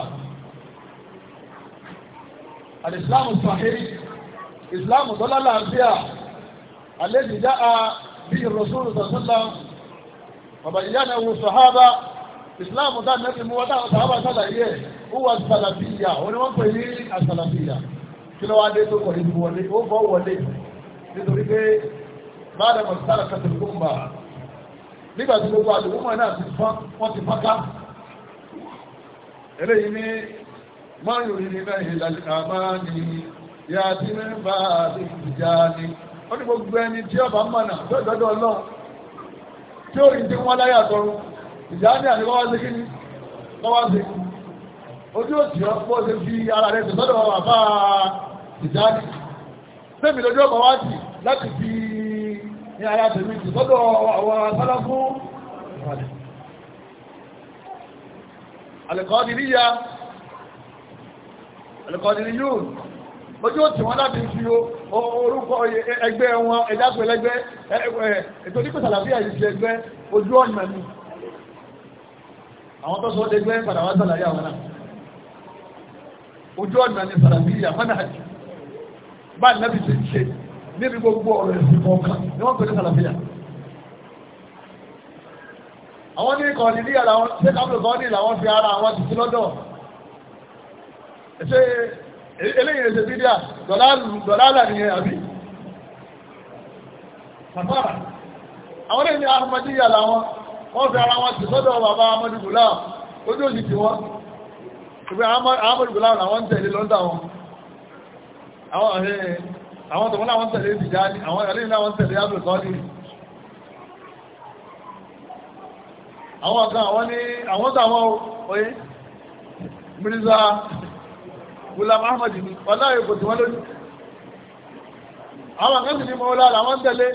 alìsìláàmù sàhíì ìsìláàmù tọ́lá làbíà àlejò já a bí ìrọ̀sùn ìsọ̀sọ́lá bàbá ìyá náà wo sàhábà ìsìláàmù tá nẹ́bí mú wọ́n táwọn sàhábà sàlàyé ẹ̀ ó wà sàlàbíyà ó ní wọ́n pè ní àsàlàbíyà kí ló wá dé tó kọ̀ọ̀lẹ́ wọlé ó fọ́ wọlé nítorí pé bá a dẹ̀ mọ̀ sí nígbà tí gbogbo àdìgúnmọ̀ náà ti fán wọ́n ti fán ká eléyìí ní márùn ún nílẹ̀ ìlàjìká máa ní ya ti ní bá ìjà ni ó ní gbogbo ẹni tí ọba mọ̀nà tó ìgbẹ́dọ̀ náà tí ó rí ti wọ́n láyà tọrọ ìjà ní àti sí sí ojú òsì ṣe fi ara rẹ̀ sọ̀tọ́dọ̀ bàbá ìjà ni ní ara tèmi ti sọ́dọ̀ àwọn asálá fún ìrọ̀lẹ̀. alẹ́kọ̀ọ́dìríyà alẹ́kọ̀ọ́dìríyùn ojú ò tí wọ́n láti fi orúkọ ẹgbẹ́ wọn ẹ̀dápẹ̀lẹ́gbẹ́ ètò ní pẹ̀sàlàfíà yìí ṣe ẹgbẹ́ ojú ọ̀nà ni àwọn tó sọ́dọ̀ ẹgbẹ́ padà wá sàlàyé àwọn náà ojú ọ̀nà ni sàlàfíà níbi gbogbo ọ̀rọ̀ ẹ̀sìn kọ̀ọ̀kan ni wọ́n pè ní kàlàfíà. àwọn ní ìkànnì ní ara wọn ṣé káfíńsì kan ní làwọn fi ara àwọn ti sí lọ́dọ̀ ṣé eléyìí ṣe bídíà dọ̀làlà nìyẹn àbí. kàfàrà àwọn ènìyàn ahmadiyya làwọn wọ́n fi ara wọn ti sọ́dọ̀ bàbá amadu gula ojú òsì tí wọ́n ìgbé amadu gula làwọn ń tẹ̀lé lọ́dọ̀ àwọn àwọn ọ̀hìn àwọn tọ̀wọ́n láwọn tẹ̀lé Tìjàní àwọn ẹ̀lẹ́yìn láwọn tẹ̀lé ábùkọ́lì àwọn kan àwọn ní àwọn tàwọn oyé Mirza Gulam Ahmad ni ọlá èkó tí wọ́n lójú àwọn kan sì ní mọ́ọ́lá làwọn tẹ̀lé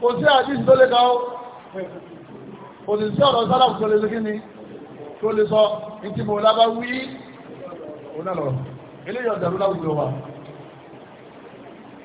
kò sí àdís tó lè káwó kò sì sí ọ̀rọ̀ sálàfù tó lè sí kíni tó lè sọ ní tí mọ́ọ́lá bá wí ó náà lọ eléyìí ọ̀dàrú láwùjọ wa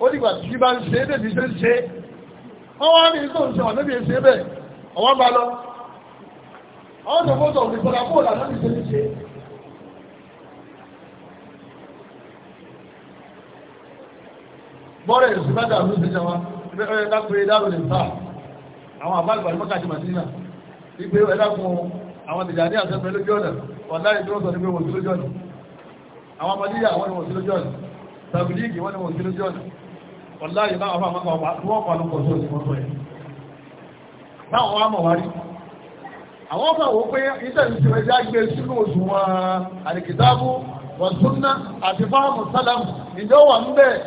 ó dìgbà tí bá ń ṣe bèbí ṣe ń ṣe wọ́n wá ní ìtò ìṣẹ́ ọ̀nà bí i ṣe bẹ́ẹ̀ ọ̀wọ́n bá lọ àwọn tó fọ́tọ̀ òfin sọ́dá kó là lórí ṣe ń ṣe bọ́rẹ̀ ìṣẹ́ bá dà lóṣù ṣe wa ẹgbẹ́ ọ̀rẹ́ dákùnrin dáàbò lè fà àwọn àbálùbà ní mọ́kàtí màtínà ìgbé ẹ̀dàkùn àwọn tìjà ní àṣẹ́fẹ́ lójú ọ̀nà ọ̀dá ìdúrósọ̀ ní pé wọ́n sí lójú ọ̀nà àwọn ọmọdé yà wọ́n ni wọ́n sí lójú ọ̀nà tàbí líìgì wọ́n ni wọ́n ọ̀láyé báwọn fà mọ́kà wà tí wọ́n kọ́ lọ́pọ̀ sí òsì mọ́tò ẹ̀ báwọn wà mọ̀ wárí àwọn fà wọ́n pé iṣẹ́ ìṣẹ́ ìṣẹ́ gbé sínú oṣù wọn àdìkìtàbù wọ̀túnná àti fáàmù sálàmù ìjọ wà ń bẹ́ẹ̀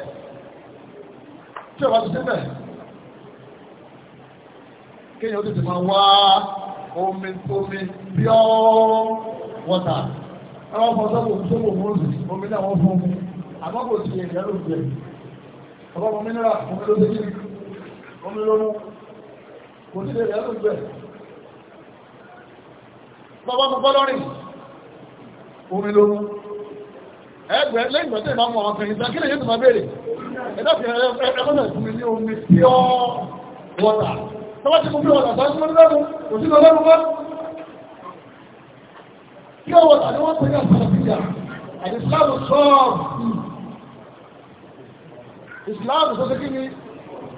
tí ó bá ti síbẹ̀ kéèyàn ó ti ti máa wá omi omi pure water ẹwọ́n fọ́ sọ́kò sókò mọ́ọ̀sì omi náà wọ́n fún un àmọ́ kò sí ẹ̀yà lóògbé ọgbọ́n mínírà omi ló déjì omi ló mú kò sí èrè ẹ̀rù ìgbẹ̀ bọ́bá mú bọ́lọ́rìn omi ló mú ẹgbẹ̀ lẹ́yìn pẹ̀sẹ̀ ìbámu àwọn akẹrin ìgbà kí lè yóò tó máa béèrè ẹ̀dọ́fẹ̀ ẹgbọ́nà ìfúnmi ní omi pure water tọ́wọ́ ti mú pure water tọ́wọ́ ti mú lẹ́nu kò sí lọ lẹ́nu mọ́ pure water ni wọ́n pè ní àtàlàfíà àdìsáàbù sọ́ọ̀rù Islam tó ṣe kí ni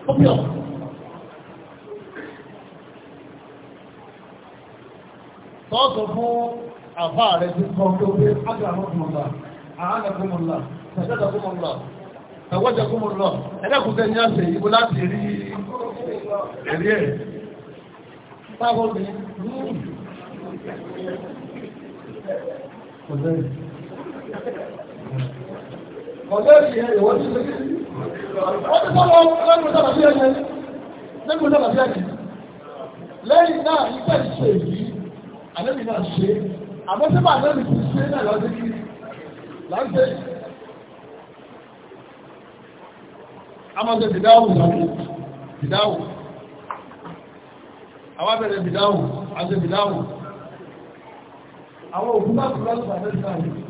pọ́píọ̀ tọ́ọ̀sọ̀ fún àbá rẹ̀ tí kọ́ pé ó pé ágbàmọ́kùnmọ̀lá àánàkùnmọ̀lá ṣàjọ́dàkùnmọ̀lá ṣàwọ́jàkùnmọ̀lá ẹlẹ́kùnṣẹ́ ní àṣẹ ìbò láti rí ẹ̀rí ẹ̀ Ọjọ́ ìyẹn ìwọ́n tí ó lè wọ́n ti sọ́wọ́ lẹ́gbẹ̀ẹ́ sábàbí ẹ̀yẹ lẹ́gbẹ̀ẹ́ sábàbí ẹ̀yẹ lẹ́yìn náà ìfẹ́ ṣe yìí àlẹ́bí náà ṣe àmọ́ sí máa lẹ́bí ti ṣe náà lọ́dún kí láńpẹ́ amọ̀sẹ̀ bìdáwù lọ́wọ́ bìdáwù àwọn abẹ́rẹ́ bìdáwù àti bìdáwù àwọn òkú bá kúrò lọ́sùn àlẹ́bí náà yìí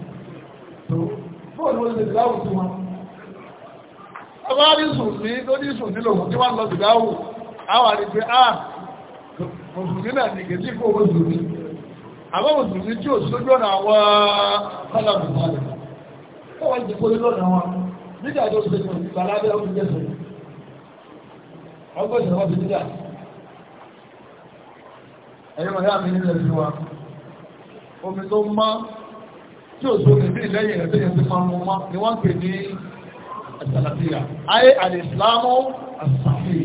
tó bóòlù ó lè bìdáwù sí wọn wá rí sùnmí lòun tí wọ́n lọ sí dáhù àwọn àrígbé à mùsùlùmí náà nìkè tí kò mùsùlùmí àwọn mùsùlùmí tí ò sójú ọ̀nà àwọn kọ́lọ̀mùsùlùmí ó wọ́n ti kó lọ́nà wọn nígbà tó ṣe kò nípa lábẹ́ ọdún jẹ́sẹ̀ ọgbọ́n ìṣẹ̀wọ́n ti nígbà ẹ̀yọ́ ọ̀dá mi nílẹ̀ sí wa omi tó mọ́ tí ò sómi bí lẹ́yìn rẹ̀ tó yẹ ti máa mú mọ́ ni wọ́n pè ní àtàlàfíà ayé àdìsílámù àsàfì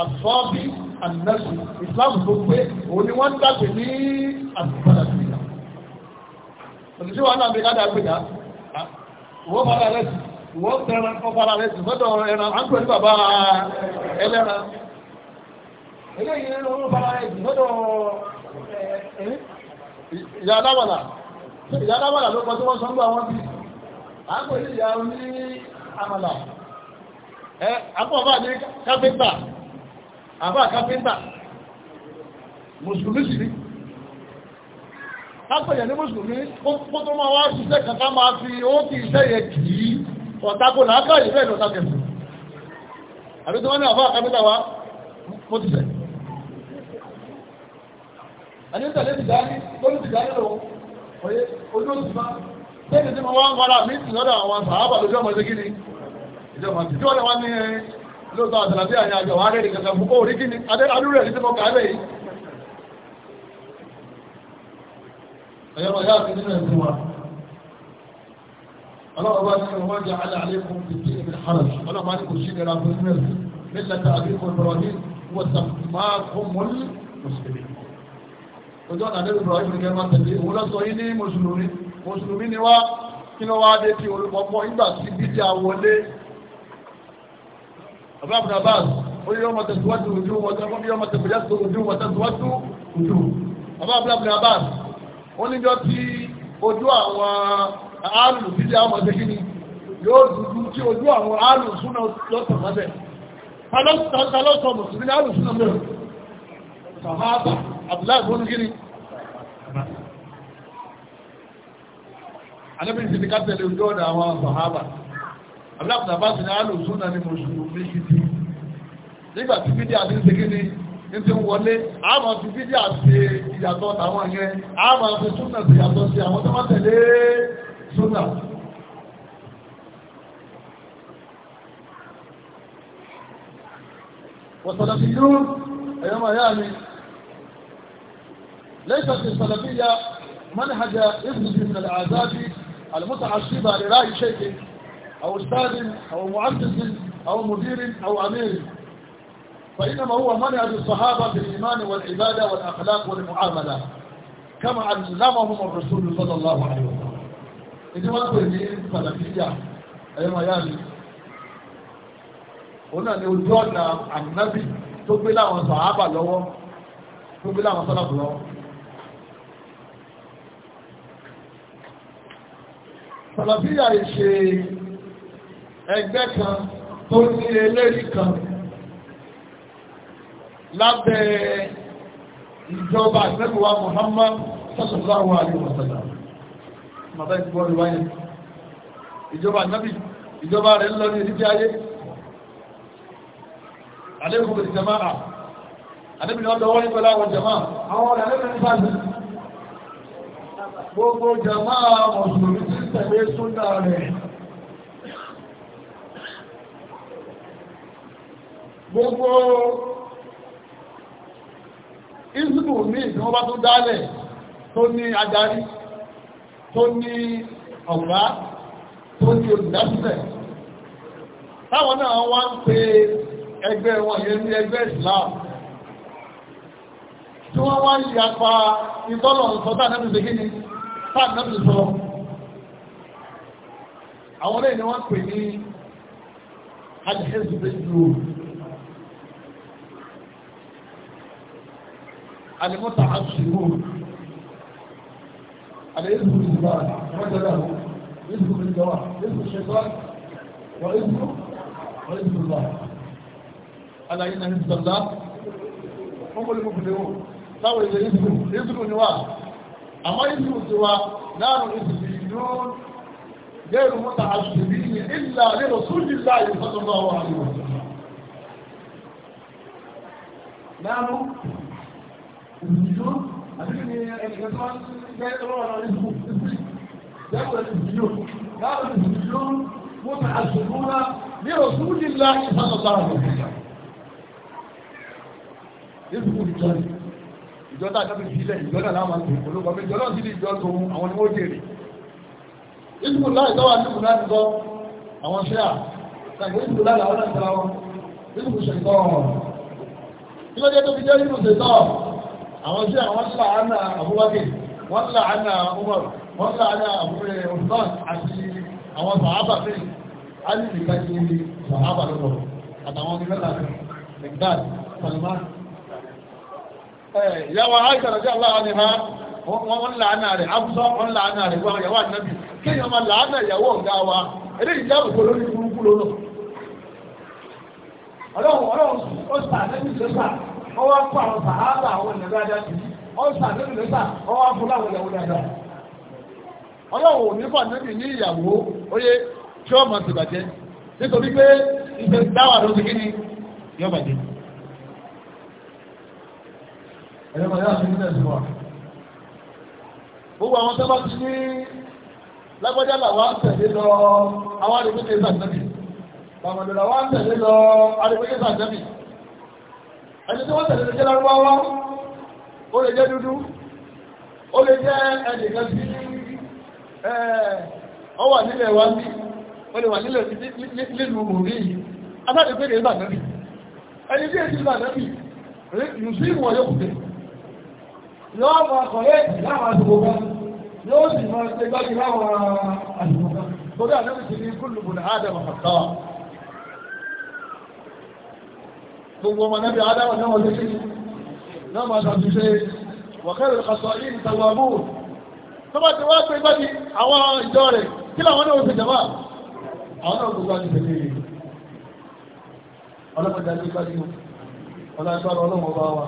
àsọ́bí ànẹ́sù ìsìlámù tó pé òun ni wọ́n dàgbé ní àtàlàfíà òṣìṣẹ́ wọn náà bí ká dàgbé dá wọ́n fara rẹ̀ sí wọ́n fẹ́ràn kọ́ fara rẹ̀ sí fọ́dọ̀ ẹran àgbẹ̀ ní bàbá ẹlẹ́ran eléyìí ní wọ́n fara rẹ̀ sí fọ́dọ̀ ìyá alábàlà ìyá alábàlà ló kọ́ tí wọ́n sọ ń gbà wọ́n bí àgbẹ̀ ìyá oní amala ẹ àbọ̀ àbá ní káfíńtà àbá káfíńtà mùsùlùmí sì ní kápẹ̀yẹ̀ ní mùsùlùmí kó tó máa wá ṣiṣẹ́ kan ká máa fi ó ti iṣẹ́ yẹ kì í ọ̀tako làákàyè bẹ́ẹ̀ lọ́ta kẹfù àbí tí wọ́n ní àbá káfíńtà wa mo ti sẹ̀ àní tẹ̀lé ojú ó ti máa tẹ́lẹ̀ tí mo wá ń fara mí sí lọ́dọ̀ àwọn sàábà lójú ọmọ ṣe kíni ìjọba tí wọ́n lè wá ní eh, lóòótọ́ àtàlàbí àyà àjọ wa rẹ̀ nìkan kan fún orí kíni adúrú rẹ̀ tí mo kà yìí. ẹ̀yọ́ ọ̀yá àti nínú ẹ̀sìn wa ọlọ́wọ́ bá nínú jẹ́ alẹ́ àlékún ìdí ìbí hàrẹ̀ ọlọ́wọ́ bá ní kò sí ìlera fún mùsùlùmí ni wá kí ló wáá dé ti olùpọ̀pọ̀ nígbà tí bíjà wọlé àbúrò àbúrò abbas ó yẹ ọmọ tẹ̀síwájú ojú wọn tẹ́ fún bí ọmọ tẹ̀síwájú ojú wọn tẹ̀síwájú ojú àbúrò àbúrò àbúrò abbas ó níjọ́ tí ojú àwọn àálù bíjà wọn tẹ́ kí ni yóò dúdú tí ojú àwọn àálù súnà lọ́tọ̀ mọ́bẹ̀ tọ́lọ́sọ̀ mùsùlùmí àálù súnà mọ́bẹ̀ sàhábà àbúrò àbúrò anábì ti ká tẹ̀lé ojú ọ̀dà àwọn sàhábà abúláàbùdà bá ti ní alùsùn náà ní mùsùlùmí gidi nígbà tí fídíà àti ń segin ní ti ń wọlé àmọ́ ti fídíà àti ìyàtọ̀ tàwọn yẹn àmọ́ ti súnà ti yàtọ̀ sí àwọn tó wọ́n tẹ̀lé súnà والسلفيون أيام يعني ليست السلفية منهج ابن من العذاب المتعصبة لرأي شيء أو أستاذ أو مؤسس أو مدير أو أمير فإنما هو منع للصحابة بالإيمان والعبادة والأخلاق والمعاملة كما علمهم الرسول صلى الله عليه وسلم إذا ما تقولي سلفية أيما يعني هنا نقول النبي تقبل عن صحابة لهم تقبل عن صلاة لهم sàlàfíà ìṣe ẹgbẹ́ kan tó ní eléyìí kan lábẹ́ ìjọba àtẹ́kùwà Muhammad sallallahu alaihi wasallam màbá ìgbọ́ ìwáyé ìjọba nábì ìjọba rẹ̀ lọ ní ìdíjẹ́ ayé alẹ́kùnrin jama'a alẹ́bìnrin ọdọ̀ wọ́n ní pẹ̀lú àwọn jama'a àwọn ọ̀rẹ́ alẹ́bìnrin gbogbo jamaa mùsùlùmí ti tẹ̀lé súnà rẹ̀ gbogbo ìsìnkú bá tó dálẹ̀ tó ní adarí tó ní tó ní olùdásílẹ̀ táwọn náà wá ń pe ẹgbẹ́ wọn yẹn ní ẹgbẹ́ tí wọ́n wá ń yapa ìtọ́lọ̀ tá ànábì sọ àwọn ọ̀rẹ́ ni wọ́n pè ní alìhẹ́sùbẹ́jù alìmọ́ta àṣìwò alìhẹ́sùbẹ́jù wọ́n jẹ́ dáhùn يذكر الجواب يذكر الشيطان ويذكر ويذكر الله ألا إن حزب الله هم المفلحون سوى إذا يذكر يذكر نواه أما يسمى سوى نار الإسلاميون غير متعجبين إلا لرسول الله صلى الله عليه وسلم نحن نعم. الإسلاميون أدري يعني الإسلام غير الإسلاميون نار نعم، الإسلاميون متعجبون لرسول الله صلى الله عليه وسلم يذكر الجنة ìjọta àjọ́bí sílẹ̀ ìjọ́nà láwọn àti olóko méjì ọlọ́run sí ní ìjọ tó àwọn ni wọ́n jèrè ìsìnkú láì tọ́wà ní ìkùnà ti sọ àwọn ṣíà tàbí ìsìnkú láì àwọn náà tẹ́ra wọn ìsìnkú ṣètọ́ kí ló dé tó fi jẹ́ nínú àwọn ṣíà wọ́n là ánà àbúwákè wọ́n là ánà umar wọ́n là àti àwọn sàábà Eh, ìyàwó aisha rẹ̀ aláwọ̀ ni ha wọ́n ọrụ rẹ̀ abúsọ́ wọ́n làánà rẹ̀ wọ́n yàwó ànábì kí ni wọ́n làánà ìyàwó ọ̀gá wa eré ìjáàbùkọ lórí burúkú lónà ọlọ́run ọlọ́run ó sà sà ọwọ́ àwọn sí sà ọwọ́ ìyàwó dáadáa ò ní ẹ̀rọ máa yára sí nílẹ̀ ìsìnkú wa. gbogbo àwọn sábà ti ní lágbájá làwọn á tẹ̀lé lọ àwọn àdìgbòkè sàtẹ́bì bàmọ̀dé làwọn á tẹ̀lé lọ àdìgbòkè sàtẹ́bì ẹni tí wọ́n tẹ̀lé lè jẹ́ lárúbáwá ó lè jẹ́ dúdú ó lè jẹ́ ẹnìkan sí ọ wà nílẹ̀ wa ní ó lè wà nílẹ̀ nílùú mòrí yìí adájọ́ pé kì í bàtẹ́bì ẹni tí èsì bàtẹ́bì yùsùn ìwọ̀n yóò kùtẹ́ yóò máa kọ̀lẹ́ láwọn àdúgbò kan yóò sì máa ṣe gbájú láwọn àdúgbò kan tó dá lórí ti ní kúlùkù ní ádámà fàtàwà gbogbo ọmọ náà bí ádámà náà wọlé sí náà máa ṣàtúnṣe wọ̀kẹ́rẹ̀ kàṣọ yìí tàwàbù tó bá ti wá pé gbájú àwọn ìjọ rẹ̀ kí làwọn náà ti jàmá àwọn náà gbogbo àti tẹ̀lé ọlọ́pàá dájú gbájú ọlọ́pàá ọlọ́pàá wa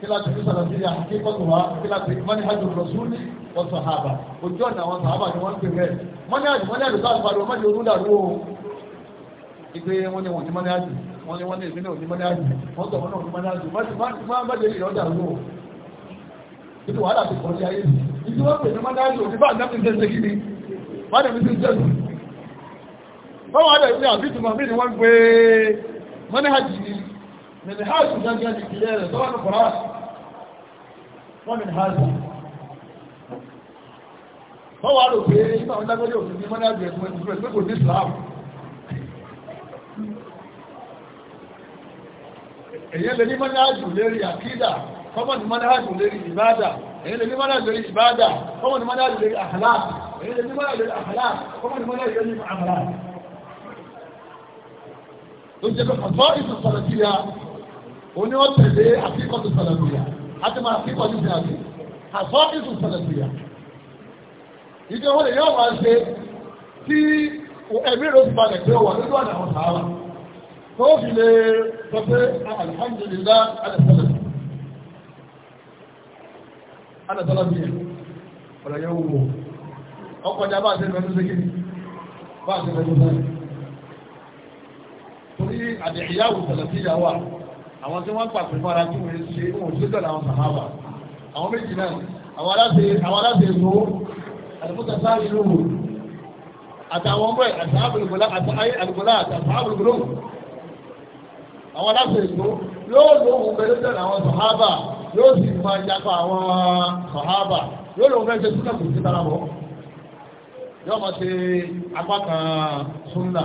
kila tuntun sàlàsílẹ̀ àti kọ́tù wa kila tuntun mọ́ni hajj rasuli wọ́n sàhábà ojú ọ̀nà àwọn sàhábà ni wọ́n ń tẹ̀lé mọ́ni hajj mọ́ni hajj sáà fàdùn mọ́ni olú dàrú o ìgbé wọn ni wọ́n ní mọ́ni hajj wọ́n ní wọ́n ní ìpínlẹ̀ òní mọ́ni hajj wọ́n tọ̀ wọ́n náà ní mọ́ni hajj má bá jẹ́ ìrọ̀ dàrú o títí wàhálà ti kọ́ sí ayé mi ìdí wọ́n pè ní mọ́ni hajj òní bá àdámi ń tẹ́sẹ̀ kiri wọ́n dẹ̀ mi ti ń tẹ́sù wọ́n wà dẹ̀ ní àbítùmọ̀ mí ni wọ́n gbé mọ́ni hajj ni mẹ́ni hajj gángan ni kìlẹ̀ rẹ̀ tọ́wọ́n fọ́mìn hajj wọ́n wá rò pé ìpàwọn lágbẹ́lẹ́ òfin ní mọ́nà àjẹ́ ẹ̀kùn ẹ̀kùn ẹ̀kùn kò ní Islam èyí lè ní mọ́nà àjù lérí àkídà kọ́mọ̀ ní mọ́nà àjù lérí ìbádà èyí lè ní mọ́nà àjù lérí ìbádà kọ́mọ̀ ní mọ́nà àjù lérí àhàlá èyí lè ní mọ́nà àjù lérí àhàlá kọ́mọ̀ ní mọ́nà àjù lérí àhàlá ló jẹ́ àti máa fi pọ̀jù sí àti àtọ́ ìsùn sẹlẹ̀sìyà ìjọ wọn lè yọ máa ṣe tí ẹ̀mí rẹ̀ ti balẹ̀ pé wà nínú àdàwọn sàárà tó fi lè sọ pé alhamdulillah alẹ́sẹ̀lẹ̀sìyà ọ̀rọ̀ yẹn wò ọkọ̀ ìjà bá ṣe mẹ́rin sí kí bá ṣe mẹ́rin sí torí àdìyàwó sẹlẹ̀sìyà wà àwọn tí wọ́n ń pàṣẹ fún ara tí wọ́n ṣe wọ́n ṣe tẹ̀lé àwọn sàmáàbà àwọn méjì náà àwọn aláṣẹ àwọn aláṣẹ èso àdìbòtà sáré lóhùn àtàwọn ọmọ ẹ̀ àtàbùlùgbòlá àtàbùlùgbòlá àtàbùlùgbòló àwọn aláṣẹ èso yóò lóhùn pẹ̀lú tẹ̀lé àwọn sàmáàbà yóò sì máa yapa àwọn sàmáàbà yóò lóhùn pẹ̀lú tẹ̀lé súnà kò sí tara bọ̀ yóò máa ṣe apá kan súnà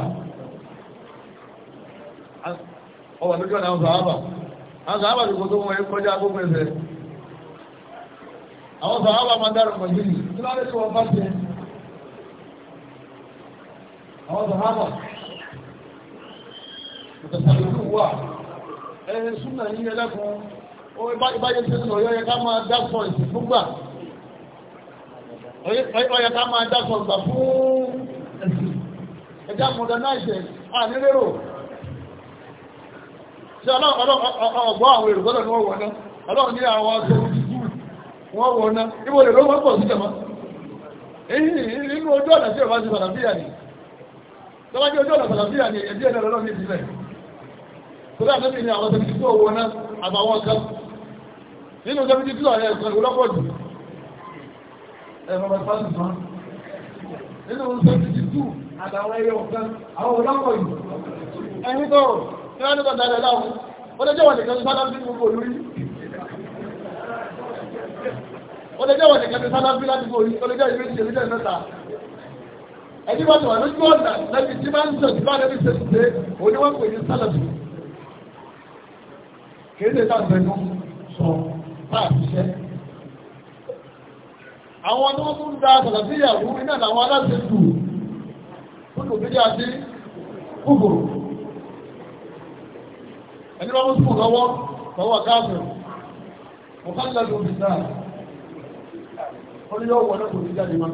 ọwà lójú ọ̀nà sàábà àwọn sàábà ti kò tó wọ́n kọjá gbogbo ẹ̀fẹ́ àwọn sàábà máa dára mọ̀jìlì tí wọ́n lè tí wọ́n bá ṣe àwọn sàábà ìtàkùnlù wà ẹni súnà ní ẹlẹ́kùn ìbáyé tí ó yẹ ká máa dákọ̀ ìsìnkúgbà ọyẹ ká máa dákọ̀ ìgbà fún ẹ̀sìn ẹjá mọ̀dánáìṣẹ̀ ànílérò tí ọgbọ́ àwọn èrò gbọ́dọ̀ ní wọ́n wọ́ná ọlọ́run ní àwọn aṣọ ojújú wọ́n wọ́ná ibo lè ló wọ́n pọ̀ sí jẹ̀mọ́ inú ojú ọ̀nà tí ọba ti sàlàfíà ni tọ́lá jẹ́ ojú ọ̀nà sàlàfíà ni ẹbí ẹ̀dẹ̀ lọ́lọ́ ní ìbílẹ̀ tó dá tẹ́bí ni àwọn tẹ́bí tó wọ́ná àbàwọn kan nínú tẹ́bí tó ọ̀rẹ́ ẹ̀sán ìwọ́lọ́pọ̀ jù nínú tẹ́bí tó àtàwọn ẹyọ kan àwọn ìwọ́lọ́pọ̀ jù ẹni tọ́rọ̀ ní wọ́n ní kọ́ dáadáa láwọn ó lè jẹ́ wọ́n nìkan sálá bí gbogbo olórí ó lè jẹ́ wọ́n nìkan sálá bí láti gbogbo olórí ó lè jẹ́ ìwé ìṣèlú jẹ́ mẹ́ta ẹni bá ti wà lójú ọ̀nà lẹ́bi tí máa ń sọ sí báyìí lẹ́bi ṣètò pé òní wọ́n pè ní sálà bí kì í ṣe sáfẹ́nu sọ báà ṣiṣẹ́ àwọn tó tún da sàlàbíyàwó iná làwọn aláṣẹ tù kókò bí i àti kúkòrò ẹni bá mú sùn lọ́wọ́ lọ́wọ́ káàmù mọ̀kànlá ló fi náà ó ní yóò wọlé kò ní jáde má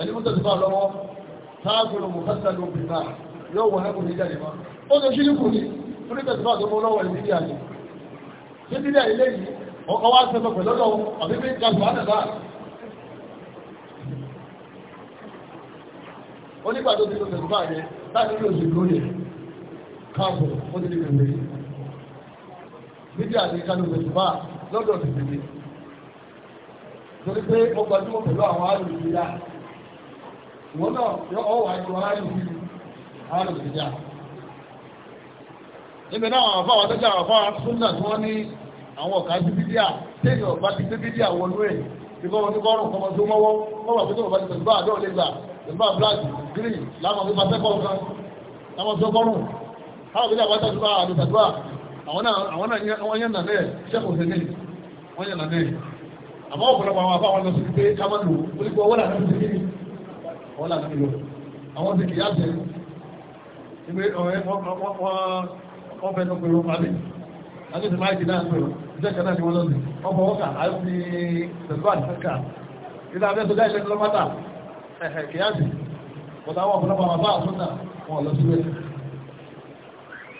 ẹni mú tẹ̀síwá lọ́wọ́ káàmù mọ̀kànlá ló fi náà yóò wọlé kò ní jáde má ó lè ṣílí kù ní ó ní tẹ̀síwá tó mú lọ́wọ́ ìbílẹ̀ àyè ṣé bílẹ̀ ilé yìí ọkọ̀ wá sẹ́fẹ̀ pẹ̀lú ọlọ́run àbí bí gàdùn á nàbà ó nígbà tó ti lọ tẹ̀síwá yẹn láti lọ káàbọ̀ ó ti di bèbè níbi àti kánú bèbà lọ́dọ̀ ti bèbè torí pé ó gbajúmọ̀ pẹ̀lú àwọn àlùfíà ìwọ náà yọ ọ wà ju àlùfíà àlùfíà níbi náà àwọn afáwọn tẹ́jà àwọn afáwọn súnà tí wọ́n ní àwọn ọ̀ka sí bídíà téèyàn ọba ti gbé bídíà wọnú ẹ̀ ìbọn ní kọ́rùn kọmọ tó mọ́wọ́ wọ́n wà pé tó bàbá ti tẹ̀síbá àdó lè gbà tẹ̀síbá black green láwọn ọmọ ìfàsẹ́kọ̀ọ́ kan láwọn tó kọ́rùn àwọn ìgbésẹ̀ àwọn ìtàdúrà àti ìtàdúrà àwọn náà wọ́n yẹn nàlẹ́ ṣẹ́kù sẹ́lẹ̀ wọ́n yẹn nàlẹ́ àmọ́ ọ̀pọ̀lọpọ̀ àwọn àbá wọn lọ sí pé káwọn lò ó ní pé ọwọ́ làwọn ti kiri ọwọ́ làwọn ti lò àwọn ti kì í àtẹ ìwé ọ̀rẹ́ wọ́n fẹ́ tó pẹ̀lú pàdé àti ìsìn máìkì náà pẹ̀lú ìjẹ́ kan náà ni wọ́n lọ sí ọkọ̀ wọ́kà àti ìtẹ̀síwá àti fẹ́kà ilé abẹ́ sọjá ìṣẹ́ kìlọ́mátà ẹ̀hẹ̀ kìyàtì ọ̀tà àwọn ọ̀pọ̀lọpọ̀ àwọn àbá àtúntà wọn lọ sí bẹ́ẹ̀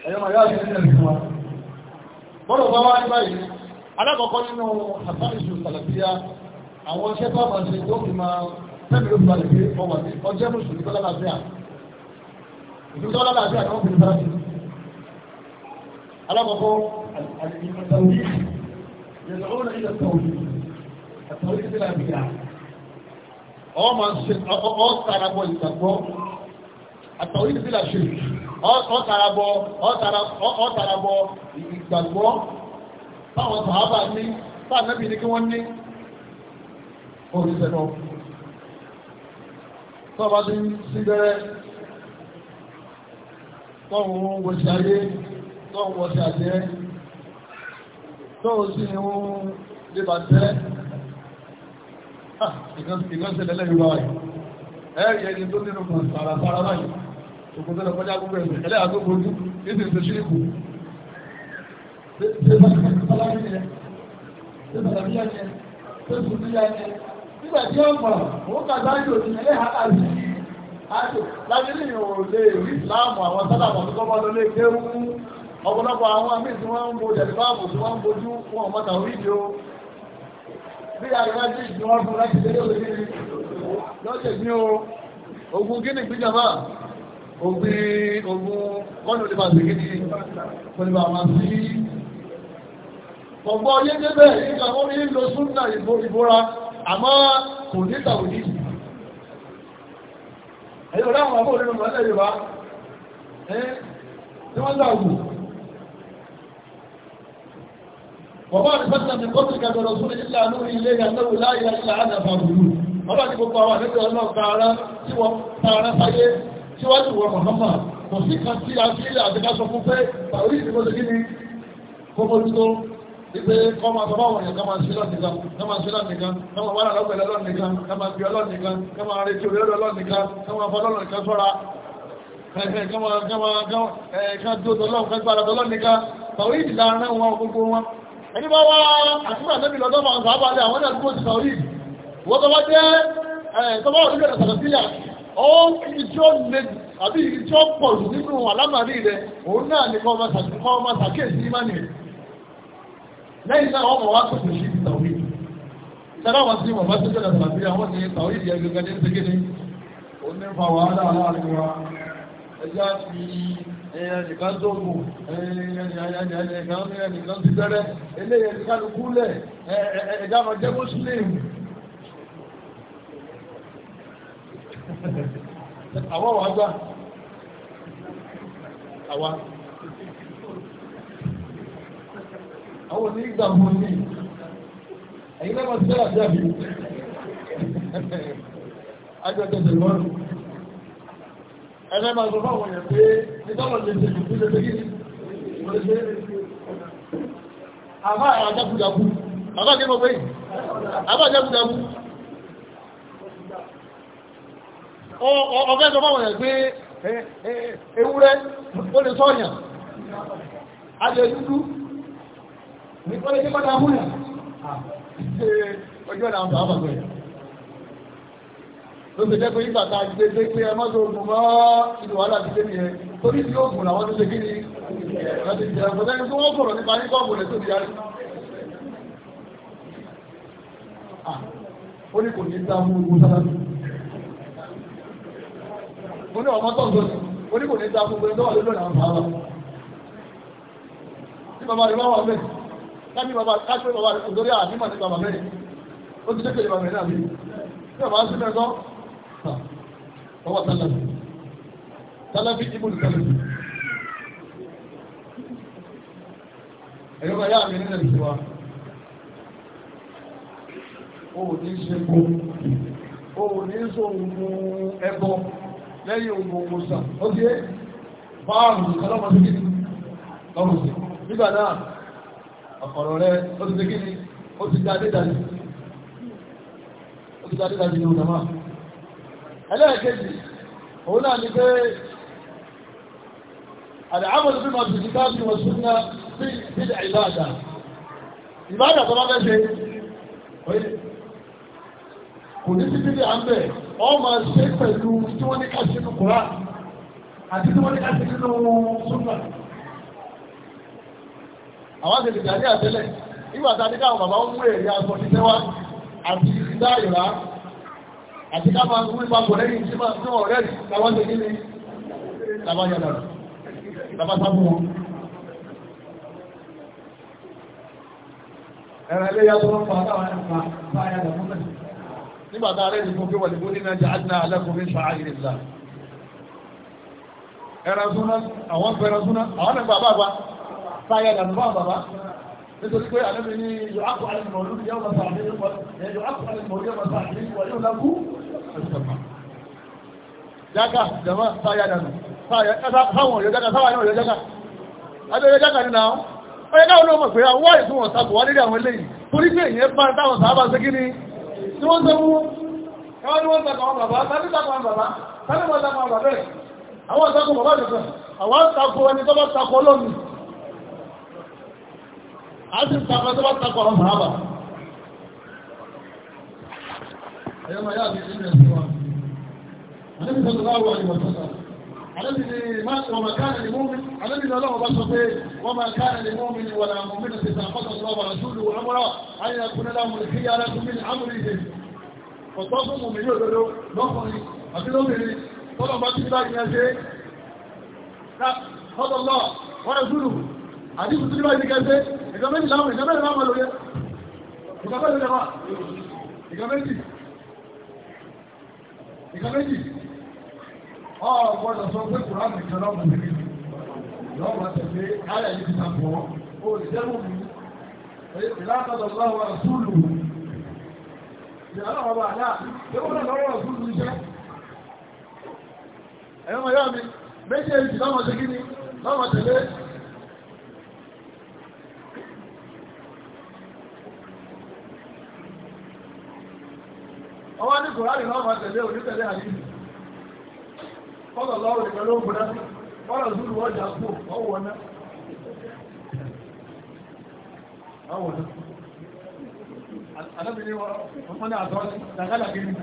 ẹ̀yọ́ màá yára nínú ẹ̀mí wa bọ́dọ̀ bá wá ní báyìí alákọ̀ọ́kọ́ nínú àtàlùsù sàlàfíà àwọn iṣẹ́ tó àmà ṣe tó fi máa fẹ́mi ló fi balẹ̀ pé ọwà sí ọjẹ́ mùsùlùmí tó lálàáfíà ìlú tó lálàáfíà ni wọ́n fi sára sí alákọ̀ọ́kọ́ àtàwí yẹ̀lọ́wọ́n ilẹ̀ tàwí àtàwí ìdílé àbíyà ọ àtàwọn ìdílé àṣẹ ọ̀tàràbọ̀ ọ̀tàràbọ̀ ìgbàgbọ́ táwọn sàábà ní sáàmẹ́bì ní kí wọ́n ní oríṣẹ́ náà tọ́ba ti ń sí bẹ́rẹ́ tọ́hun wọ̀ṣẹ̀ ayé tọ́hun wọ̀ṣẹ̀ àjẹ́ tọ́hun sí ni wọ́n lè bà tẹ́ ìgbọ́nsẹ̀ lẹ́lẹ́ ìwà rẹ̀ ẹ̀rì ẹni tó nínú kan sàràsàrà báyìí òkú tó lọ kọjá gbogbo ẹ̀sìn ẹlẹ́yà tó gbogbo èsì èsì ṣe èkó nígbà tí ó mọ̀ òun kàdá yóò ní ẹlẹ́yà àti àti lágbílì ò lè rí ìsìláàmù àwọn sálàmù tó kọ́kọ́ lọ lé kéwú ọ̀pọ̀lọpọ̀ àwọn amí tí wọ́n ń bo jẹ̀lẹ́báàbù tí wọ́n ń bojú fún ọmọ tàwọn ìdíò bí àríwájú ìdíwọ́n fún láti lé lórí lọ́sẹ̀ ní o ogun gíní gbíjọba ògbé ogun wọ́n ló lè bá gbèké ní pẹ̀lú àwọn àti ọgbọ́ yé débẹ̀ nígbà wọ́n ní lọ súnà ìbora àmọ́ kò ní tàwùdí ẹ̀yọ́ láwọn àbọ̀ nínú mọ́lẹ̀ Yorùbá ẹ́ tí wọ́n dàgbù bàbá àti pẹ́sìlá ti kọ́ sí kàgbẹ̀rọ̀ sórí ilé àánú ilé ìyàtọ̀wò láyé àti àádàfà bùrù ọlọ́ni gbogbo àwọn àdẹ́jọ́ ọlọ́ọ̀ta ara tí wọ́n ta ara sáyé síwájú ìwọ mọ̀nàmà kò sí kan tí a sílẹ̀ àtẹ́ká sọ fún pé pàrí ìdíkọ́ sí kíni kókòtò ìpè kọ́ máa sọ́bà wọ̀nyẹ̀ ká máa sí lọ́nìkan ká máa sí lọ́nìkan ká máa wàrà lọ́gbẹ̀lẹ́ lọ́nìkan ká máa bí ọlọ́nìkan ká máa retí orí ọ̀dọ̀ lọ́nìkan ká máa fọ́ lọ́nìkan sọ́ra ká dúró tọ́lọ́ ká gbára tọ́lọ́ nìkan pàrí ìdílà náà wọn gbogbo wọn ẹni bá wá àtúnṣe àtẹ́bí lọ́dọ́ máa sọ ó ibi tí ó le àbí ibi tí ó pọ̀ jù nínú àlámàrí rẹ̀ òun náà ní kọ́ ọmọ sàkíyèsí ìmánì rẹ̀ lẹ́yìn náà wọ́n mọ̀ wá pèsè sí ti tàwí ìtara wọn sí wọn bá tó jẹ́lẹ̀ tàbí àwọn ní tàwí ìdí ẹgbẹ̀gbẹ̀ ní ṣe gẹ́gẹ́ ó ní fa wàhálà láàrin wa ẹjá fi ẹnìkan tóògù ẹnìkan ti bẹ̀rẹ̀ eléyẹ̀ ẹnìkan kúlẹ̀ ẹjá máa jẹ́ mùsùlùmí àwọn wà gbà àwa àwọn ní ìgbà mú ní ẹ̀yìn lẹ́mọ̀ sí àti àbí ẹ̀rẹ́ máa sọ fáwọn ọ̀fẹ́ sọ fáwọn ẹ̀ pé ewúrẹ́ ó lè sọ́yàn adé dúdú ní kọ́lé tí kọ́ta húnà ọjọ́ náà bàbá pẹ̀lú ló ti jẹ́ pé nígbà tá a ti dé pé ẹ mọ́tò ogun mọ́ ìlú wàhálà ti dé nìyẹn torí tí oògùn làwọn tó ṣe kí ni láti jẹ ọ̀pọ̀ tẹ́ni tó wọ́n kọ̀rọ̀ nípa ní kọ́ọ̀bù rẹ̀ tó di yarí. ó ní kò ní dá mú ogun sára mo ní ọmọ tọ́ǹtọ́ ni mo ní kò ní ta gbogbo ẹni tó wà lórí ọ̀nà àwọn bàbá rẹ̀ wá wà mẹ́ káàkiri bàbá káàkiri bàbá rẹ̀ lórí àdìmọ̀ ní bàbá mẹ́rin ó ti tẹ́kẹ̀lé bàbá mẹ́rin àbí tí bàbá sí mẹ́tọ́ ọwọ́ tálàbí tálàbí ibùn tálàbí ṣe kó ó ní ṣòwò ẹ̀kọ́ lẹ́yìn ogun ogun sàn ó ti báàrùn ọlọ́mọdé kí ni lọ́rùn sí nígbà náà ọ̀pọ̀rọ̀ rẹ ó ti kí ni ó ti dáadé dáadé ó ti dáadé dáadé ní ọ̀nà máa ẹlẹ́ẹ̀kejì òun náà ni pé àdáhàmọ̀lù bí máa bìí káàkiri wọn sún náà sí ìpínlẹ̀ ìbáàdà ìbáàdà tó bá fẹ́ ṣe kò ní sí bíbí à ń bẹ̀ wọ́n máa ṣe pẹ̀lú tí wọ́n ní ká ṣe nínú kùrá àti tí wọ́n ní ká ṣe nínú súnmà. àwọn àti ìdíjà ní àtẹ́lẹ̀ nígbà tá a ní káwọn bàbá ń mú èrè aṣọ títẹ́ wá àti ìdá ìrá àti ká máa ń wí papọ̀ lẹ́yìn tí wọ́n rẹ̀ láwọn ṣe nílé láwọn yàrá sábú wọn. ẹ̀rọ ilé yàtọ̀ wọn pa nígbà tá a rẹ̀ nìkan pé wàlúù nínú ẹja àdínà alákùnrin fa àyè ńlá ẹran súná àwọn fẹ́ràn súná àwọn náà bàbá bá táyà dànù bá bàbá nítorí pé àlẹ́ mi ní yọ àpò àlẹ́ mọ̀lú yóò máa sàmì yọ àpò àlẹ́ mọ̀lú yóò máa sàmì wà yóò lákú jágà jẹ̀mọ́ táyà dànù táwọn òyò jágà táwọn òyò jágà adóyò jágà nínú àwọn ọ̀yẹ́ká wọ́n sàkó wá nílé àwọn eléyìí torí pé tí wọ́n ń sẹ́wọ́ ẹwọ́n ni wọ́n ń takọ̀ bàbá tàbí takọ̀ bàbá I wọ́n takọ̀ bàbá rẹ̀ àwọn takọ̀ bàbá nìkan àwọn takọ̀ ẹni tó bá takọ̀ lónìí a ti takọ̀ tó bá takọ̀ ọmọ bàbá ẹ̀yọ́ máa yá àti ìṣẹ́ ìrẹsì wa àlébìnrin wọ́n máa káàrin ní mọ́mí àlébìnrin ọlọ́wọ́ bá sọ pé wọ́n máa káàrin ní mọ́mí ni wọ́n làwọn mọ́mí ti sàn fọ́tọ̀ lọ́wọ́ àṣúlù àmúrọ̀ ayé akúnlẹ̀ láwọn olùkí yára tó mí àmúrí ìdè ọ̀tọ́ fún mọ̀mí yóò dodo lọ́kùnrin àti lóbìnrin tọ́lọ̀ bá ti bá yẹn ṣe fọ́tọ̀ lọ wọ́n àṣúlù àti tuntun bá yẹn ṣe ìgbà méjì láwọn ìgbà méjì láwọn lóye ìgbà méjì ìgbà méjì ọ gbọ́dọ̀ sọ pé kùrán nìkan lọ́mọ níbi lọ́mọ tẹ̀lé ayà yìí ti ta pọ̀ ó lè mi ìlànàdọ̀ lọ́wọ́ àṣúlù ìyàlọ́wọ́ bá àdá ìwọ́n lọ́wọ́ àṣúlù iṣẹ́ ẹ̀yọ́mọ̀ yọ́ mi méjèèjì lọ́mọ tẹ̀lé ní lọ́mọ tẹ̀lé ọwọ́ ní kòrárì lọ́mọ tẹ̀lé onítẹ̀lé àdínì kọ́lọ̀ lọ́rùn nìkan ló ń gbọ́dá sí kọ́lọ̀ zúlù ọjà kú ọwọ́ náà ọwọ́ náà alábìnrin wọn ní àtọ́ dàgálà kiri wọ́n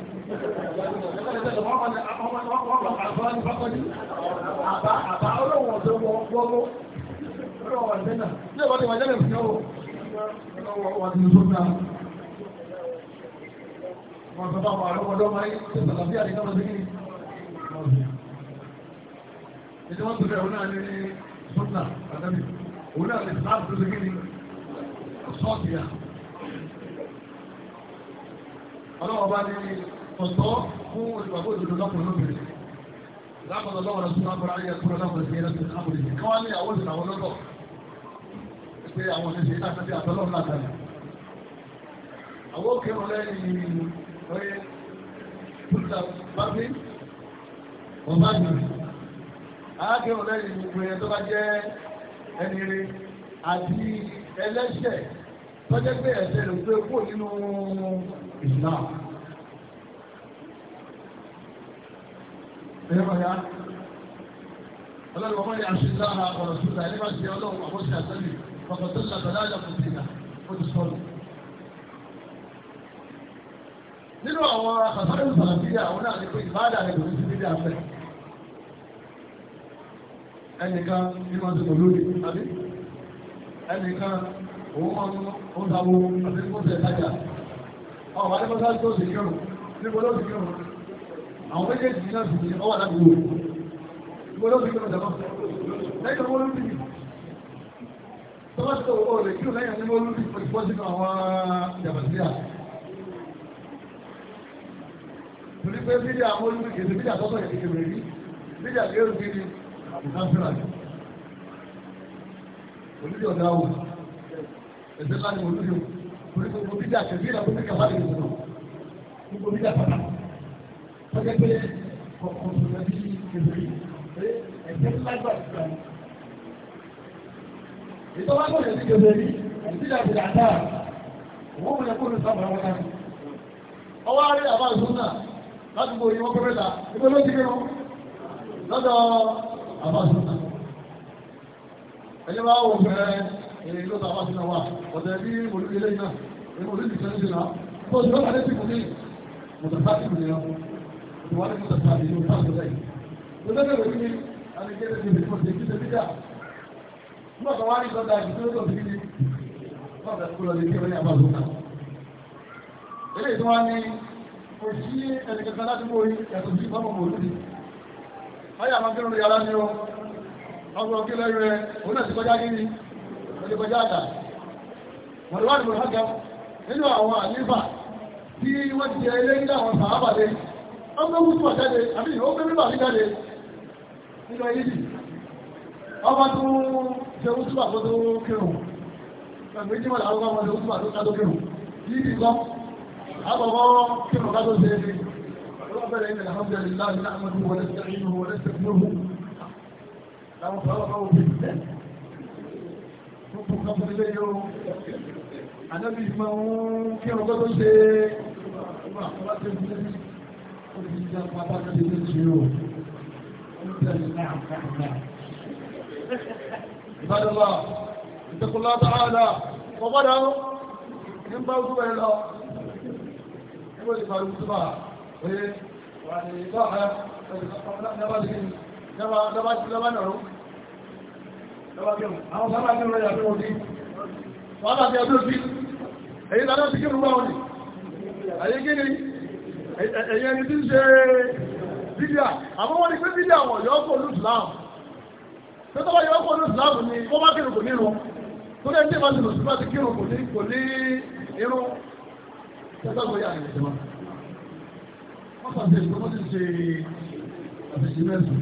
àtọ́ ní fákọ́lì àbá olóòwò tó wọ́ gbọ́gbọ́ olóòwò ọ̀dẹ́ náà ní ọ̀bọ̀n tí wọ́n jẹ́ lè fi ọwọ́ wọ́n ti tó náà wọ́n sọ fún àwọn ọlọ́wọ́dọ́ máa ń tẹ̀sán àbí àdìgbà lọ́sẹ̀kiri ìdí wọ́n tó fẹ́ òun náà ní sọ́tà àtàbí òun náà lè sáàbù tó ṣe kí ni sọ́ọ̀tì à. ọlọ́wọ́ bá ní ọ̀tọ́ fún ìgbàgbọ́ òdodo lọ́kùnrin lóbìnrin lápapọ̀ lọ́wọ́ wọ́n bá gbé alákẹ́wọ̀n lẹ́yìn gbogbo ẹ̀yẹ tó bá jẹ́ ẹni rí àti ẹlẹ́ṣẹ̀ tó jẹ́ pé ẹ̀ṣẹ̀ ló gbé kó nínú Islam. ẹ̀yẹ́ bàyá ọlọ́run ọmọ yà ṣe lára ọ̀rọ̀ sílá ẹni bá ọlọ́run àkọsí àtẹ́lẹ̀ ọkọ̀ tó ṣàtọ̀ láàjà kò sí ìlà ó ti sọ̀rọ̀. nínú àwọn àkàtà ìsàlàbíyà àwọn náà ní pé ìbáàdà rẹ̀ lòdì sí ẹnìkan ní máa ti pẹ̀lú àbí ẹnìkan òun máa ń dáwó àti kóṣẹ̀ ìtajà àwọn wà nípa sáà tó sì kírùn níbo ló sì kírùn àwọn méjèèjì náà sì ní ọwà láti wò níbo ló sì kírùn jàmá lẹ́yìn owó lórí tó bá ti tó owó rẹ̀ kírùn lẹ́yìn ní olórí òṣìṣẹ́ sínú àwọn jàmàtíyà torí pé mídíà àwọn olórí kìí mídíà tọ́tọ̀ ìdíkẹ̀ rẹ̀ rí mídíà kìí ìdáfíra ni olùdí ọ̀dà wò ẹ̀sẹ̀ láti olùdí o torí gbogbo bídà kẹ̀kẹ́ ìlà gbogbo kẹfà lè wò gbogbo bídà pàtà tọ́jẹ́ pé kọ̀ọ̀kan tó lọ sí kẹfẹ́ ẹ̀sẹ̀ lágbà ìgbà ìtọ́wá tó lè sí kẹfẹ́ rí ìdílé àti àdá òun mú ẹkọ́ ní sábà wọn náà ọwọ́ àárẹ̀ àbá ìṣúná láti gbòòrò ìwọ́n pẹ́pẹ́ta ìgbẹ́ ló ti gbé wọn lọ́dọ̀ àbáṣúná ẹni bá wọ fẹ́rẹ́ èrè ló ta àbáṣúná wa ọ̀dẹ̀ bí olùdí ilé náà èmi olùdí ìṣẹ́ ìṣẹ́ náà tó ti lọ́kàlẹ́ ti kù ní mọ̀tàkì kù ní ọ ìwà ní mọ̀tàkì yóò tá àtúnṣe yìí tó dẹ́gbẹ̀ wò ní anìkéde ní ìfọ̀ ṣe kí tẹ̀síjà nígbà tó wá ní sọ́dà àti tó lọ́dọ̀ sí ní bàbá kúlọ̀ ní kí wọ́n ní àbáṣúná eléyìí tó wá ní kò sí ẹnìkan Báyà máa ń kírun yàrá ni o. Ọgbọ̀n kí lẹ́yìn rẹ̀, òun náà ti kọjá kí ni? Ó ti kọjá àtà. Mọ̀lúwà ni Mọ̀lúwà gẹ̀ nínú àwọn àlífà tí wọ́n ti yẹ ilé nílẹ̀ àwọn sàábà dé. Wọ́n gbé wútú ọ̀jáde, àbí ìhó gbé mímọ̀ sí jáde nínú ẹyí bì. Ọba tó ṣe wútú àkó tó kírun. Ẹgbẹ́ jímọ̀ làwọn ọmọ ṣe wútú àkó tó kírun. Yí ti sọ, ربنا إن الحمد لله نحمده ونستعينه ونستغفره ونفرحه بالله Gbogbo kan fún ilé yóò, ànábì máa ń kí ọgbọ́n tó ṣe ọgbà àkọ́lá tó ṣe ní ìjà pàpá tó ṣe ṣe o. عباد الله اتقوا الله تعالى وغدا من بوضوع الله. Ìwé ìbàrùn tó bá. يعني ظاهر èyí tàbí ti kírùn báwọn ni ayé gíní ẹ̀yẹ ni tí ń ṣe bídíà àbúwọ́n ni pé bídíà wọ̀n yọ́ kò ní ìsìláàmù tó tọ́wọ́ yọ́ kò ní ìsìláàmù ni kó bá kírùn kò ní irun tó lẹ́yìn tí ìbáṣe lòsùn mọ́sàtẹ̀ ìgbọ́mọ́sí ṣe àfẹ́ṣẹ́ mẹ́sùn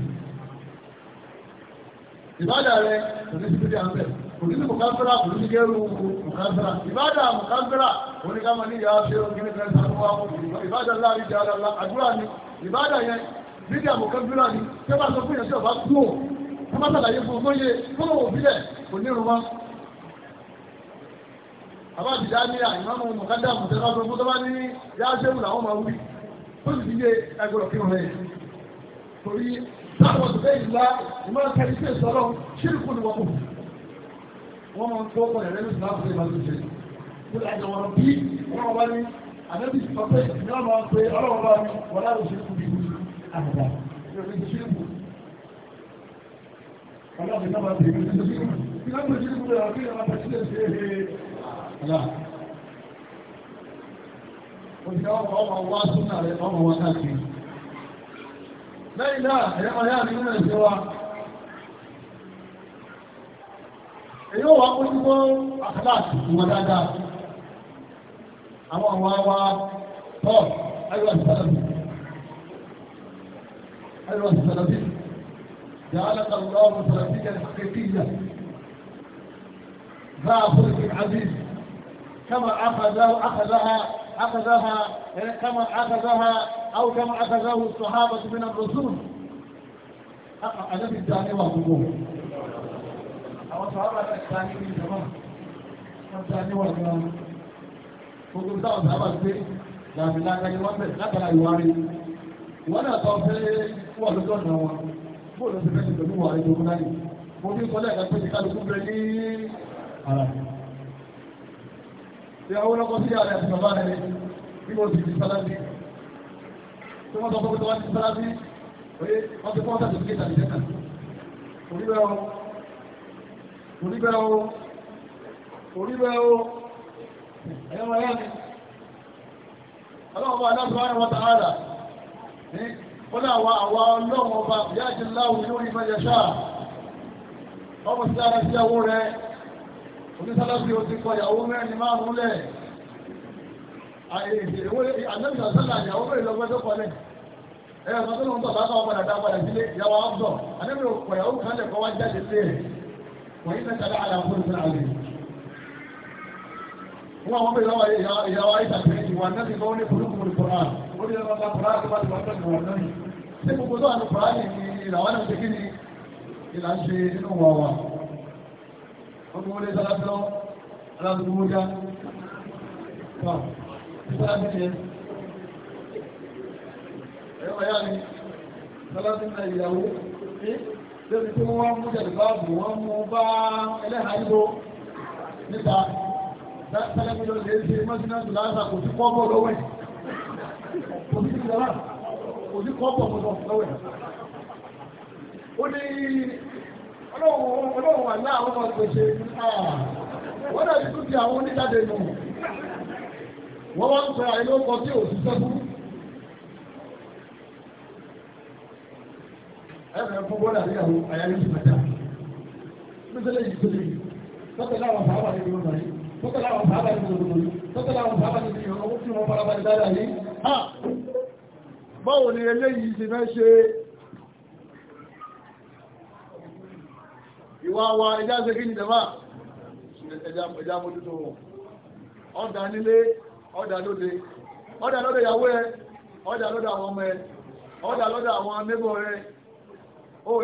ìbádà rẹ̀ òní ti fídí àmì òní ti mùkásíra òní ti gẹ́rù mùkásíra ìbádà mùkásíra òní ká mọ̀ ní ìyá ṣe òní ní kẹta tó wá fún ìbádà láàrin ìjà àdàlá àdúrà ni ìbádà yẹn fídí àmùkásíra ni tí wọ́n sọ fún ìyẹn tí ọba kú ò tí wọ́n sàlàyé fún ọmọ yẹ fún òun bílẹ̀ kò ní ìrùmọ́ àbájáde ní àyìnbá mọ̀ mọ̀kádà mùtẹ́lá tó sì fi yé agbọ̀dọ̀ kí wọ́n rẹ̀ torí táwọn ọ̀dọ́ ìlà ìmọ̀ kẹ́lí sí ìsọ̀rọ̀ ṣírìkù ni wọ́n kù wọ́n máa ń kó ọkọ̀ ẹ̀rẹ́ ní ìsìláàmù ní ìbámu ṣe wọ́n láti wọ́n bí wọ́n wá ní àdébí ìfọ̀pẹ́ ìyá máa ń pe ọlọ́wọ́ bá mi wọ́n láti ṣírìkù bí àgbà ìròyìn ṣírìkù ọlọ́wọ́ bí wọ́n máa ń pè é ṣírìkù òṣìṣẹ́ ọmọ ọmọ wá súnà rẹ̀ ọmọ wá káàkiri lẹ́yìn náà ẹ̀yọ́ yá mi nílẹ̀ ṣe wa èyí ó wà kó tí ó àkàláàtì ìwọ̀n dáadáa àwọn àwọn àwa tọ́ ayọ̀ ìsàlẹ̀ ayọ̀ ìsàlẹ̀ جعلك الله سلفيا الحقيقية ذا خلق عزيز كما أخذه أخذها أخذها كما أخذها أو كما أخذه الصحابة من الرسول الذي الثاني وهو أو صحابة الثاني من زمان الثاني وهو gbogbo bí táwọn sábà gbé làbí lágbàáyé wọn bẹ látara ìwárí wọn náà tọ́ fẹ́ wọ lọ́jọ́ ọ̀nà wọn bóòlù ti fẹ́ ti pẹ̀lú wàrí tó kúnlá yìí mo ní kọ́lẹ́ ẹ̀ka pé kálukú bẹ ní ara rẹ̀ ṣe àwọn ọlọ́kọ́ sí ààrẹ àti bàbá rẹ̀ bí mo sì fi sálábì tí wọ́n sọ fún mi wọ́n ti sálábì oye wọ́n ti fọ́ọ̀tà tó ké tàbí jẹ́ta oníbẹ̀ o oníbẹ̀ o oníbẹ̀ o ẹ̀yọ́ wọn yá mi ọlọ́wọ́ bá aláàbọ̀ àwọn ọmọ tààrà ní wọ́n àwọn àwọn ọlọ́wọ́ bá yáàjì láwùjọ ìmọ̀ yẹ̀ṣà ọmọ sí ara sí àwọn rẹ̀ onísàlàbí o ti kọ ìyàwó mẹ́rin márùn-ún lẹ̀ àlẹ́bìsà sẹ́là ìyàwó mẹ́rin lọ́gbẹ́jọ́ kọlẹ̀ ẹ ọ̀sán tó lóun bàbá kan padà dá padà sílé ìyàwó àbọ̀ àlẹ́bì kọ ìyàwó kan lẹ̀ kọ́ wá jáde sí ẹ̀ wọ́n yí mẹ́ta dáhà láàbò ní sẹ́là rẹ̀ wọ́n àwọn bẹ̀rẹ̀ lọ́wọ́ ìyàwó àyíṣà pé ìwà náà ti lọ́wọ́ ní polúkúmù ní kọ́ra ó ní ẹ̀rọ kọ́ra tó bá ti wọ́n tẹ̀sí wọn náà ṣé gbogbo tó wà ní kọ́ra ní ìlàwọ́ náà ṣe kí ni ìlà ń ṣe nínú wọn wà wọ́n mú wọlé sálábí lọ aláàbò mú já tọ́ sálábí jẹ ẹ̀yọ́ ọ̀yá mi sálábí náà ìyàwó ní lórí tí wọ́n mú jẹ̀lú báàbù wọ́n mú bá ẹlẹ́hàá ìbò níta sálábí lọ lè ṣe mọ́sínáàtì láàṣà kò sí kọ́bọ̀ lọ́wọ́ ẹ̀ kò sí ìjọba kò sí kọ́bọ̀ lọ́wọ́ ẹ̀ ó ní ọlọ́run wà náà àwọn wọ́n dàbí tún ti àwọn oníjáde nù wọ́n wá ń sọ àìlú ọkọ̀ tí ò ṣiṣẹ́ fún. ẹ̀fẹ̀ fún bọ́ọ̀lù àríyàwó àyàrí ti mẹ́ta nítorí èyí tó lè tọ́tẹ̀lá ní ìlú ọ̀nà yìí tọ́tẹ̀lá àwọn ní ìlú ọ̀nà yìí tọ́tẹ̀lá àwọn ní ìlú ọ̀nà yìí tọ́tẹ̀lá àwọn ní ìlú ọ̀nà yìí Waawa ẹjá ṣe kí ni ẹjá o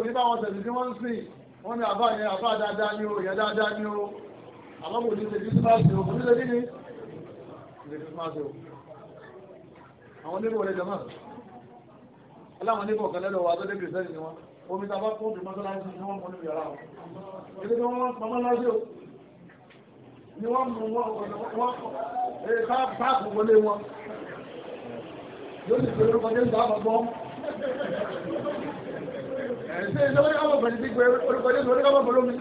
ní bá wọn tẹ̀sí tí wọ́n ń sìn wọ́n ní àbá yẹn àbá dáadáa ní o ìyá dáadáa ní o àmọ́ kò ní ṣe kí sípáàsì o kò ní ṣe kí ni ṣe kí sípáàsì o àwọn nébọ̀ rẹ jẹ mọ́ aláwọn nébọ̀ kan lẹ́lọ́wọ́ adọ́dẹ́ kìrìsẹ́nì ni wọ́n omi tàbá kó bí mọ́sálásí ni wọ́n mọ́ ní yàrá wọn ilé ni wọ́n mọ́ lásì o ni wọ́n mú wọn wọ́n èyí ká báàkù wọlé wọn yóò sì pèrè orúkọ jésù àbàbọ́ ẹ̀sìn ìjọba ní káwọn bẹ̀rẹ̀ sí pé orúkọ jésù oníkàwọn bẹ̀rẹ̀ omi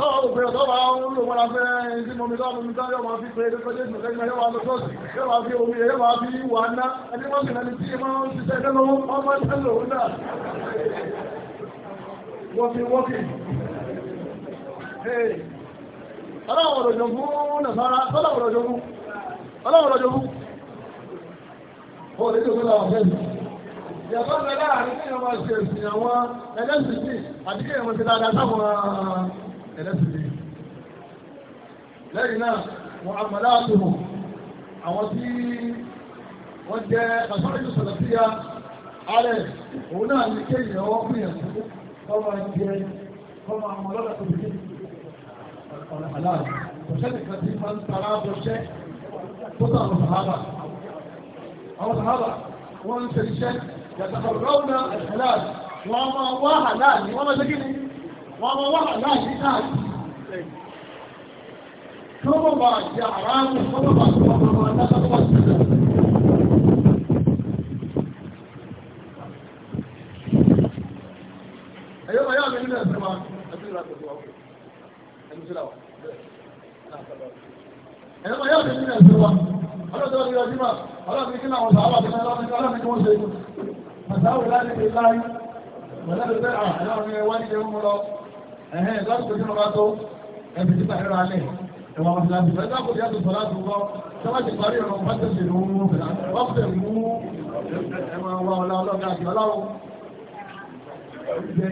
Táwọn òpin ọ̀tọ́ bá ń lò wọ́n láfẹ́ sí mọ́mí tó mọ́mí tó yọ́ máa fi pé ẹgbẹ́ jésù lẹ́gbẹ́ yọ́ máa lọ sọ́ọ̀sì yọ́ máa fi omi yọ́ máa fi wà ná ẹni wọ́n sì lẹ́ni tí máa ń ṣiṣẹ́ ẹgbẹ́ lọ́wọ́ wọ́n máa ń tẹ́ lòun náà. Wọ́kì wọ́kì. Ọlọ́run ọ̀rọ̀jọ̀ fún Nàfàrà, ọlọ́run ọ̀rọ̀jọ̀ fún. Ọlọ́run ọ̀rọ̀jọ̀ fún. Ó ẹlẹ́sìndé lẹ́yìn náà wọ́n àmàlà àtòmò àwọn tí wọ́n jẹ́ àṣọ́rẹ́jù sọ̀lọ́síyà ààrẹ òun náà ní kéèyàn ọwọ́ fún yẹn kọ́mọ jẹ kọ́mọ àwọn ọlọ́dà tó dé ọ̀nà aláàbò kọ̀ṣẹ́ nìkan tí máa ń tara bọ̀ṣẹ́ tó tà àwọn sàhábà àwọn sàhábà wọ́n ń ṣe iṣẹ́ yàtọ̀ ọ̀rọ̀ náà àṣàlá wọ́n máa wá àlá wọ́n máa ṣe kí ni wọ́n mọ wà láàyè káàkiri kọ́mọ̀ bá jẹ àrámù kọ́mọ̀ bá jẹ ọmọ adájọ́ sílẹ̀ ẹ̀yọ́ ọ̀yá mi nílẹ̀ ẹ̀sẹ̀ wa ẹ̀sẹ̀ ìlà pẹ̀lú wa ẹ̀mí sílẹ̀ wa ẹ̀yọ́ ọ̀yá mi nílẹ̀ ẹ̀sẹ̀ wa ọlọ́dọ̀ ọdún ọdún wa ọlọ́dún kí náà wọ́n sọ àwọn àbẹ̀mẹ́ ọlọ́dún ọlọ́dún kí wọ́n ṣe màtáwò láti fi láyé mọ̀lẹ́bí bẹ́ẹ̀ ah, àwọn ẹ̀wọ́n ní ẹ̀wọ́n lọ ẹ̀hẹ́ ìgbàlùkò tí wọ́n bá tó ẹbí títà ẹ̀rọ alẹ́ ẹ̀wọ̀n wọn láti fẹ́ dákò tí a ti sọ láti wọ́ sọ́wọ́sì parí ọ̀rọ̀ wọn tó ṣe lóun mú wọ́n fẹ́ mú ẹ̀wọ̀n wọn ọ̀la ọlọ́gá àti ọláwọ̀ jẹ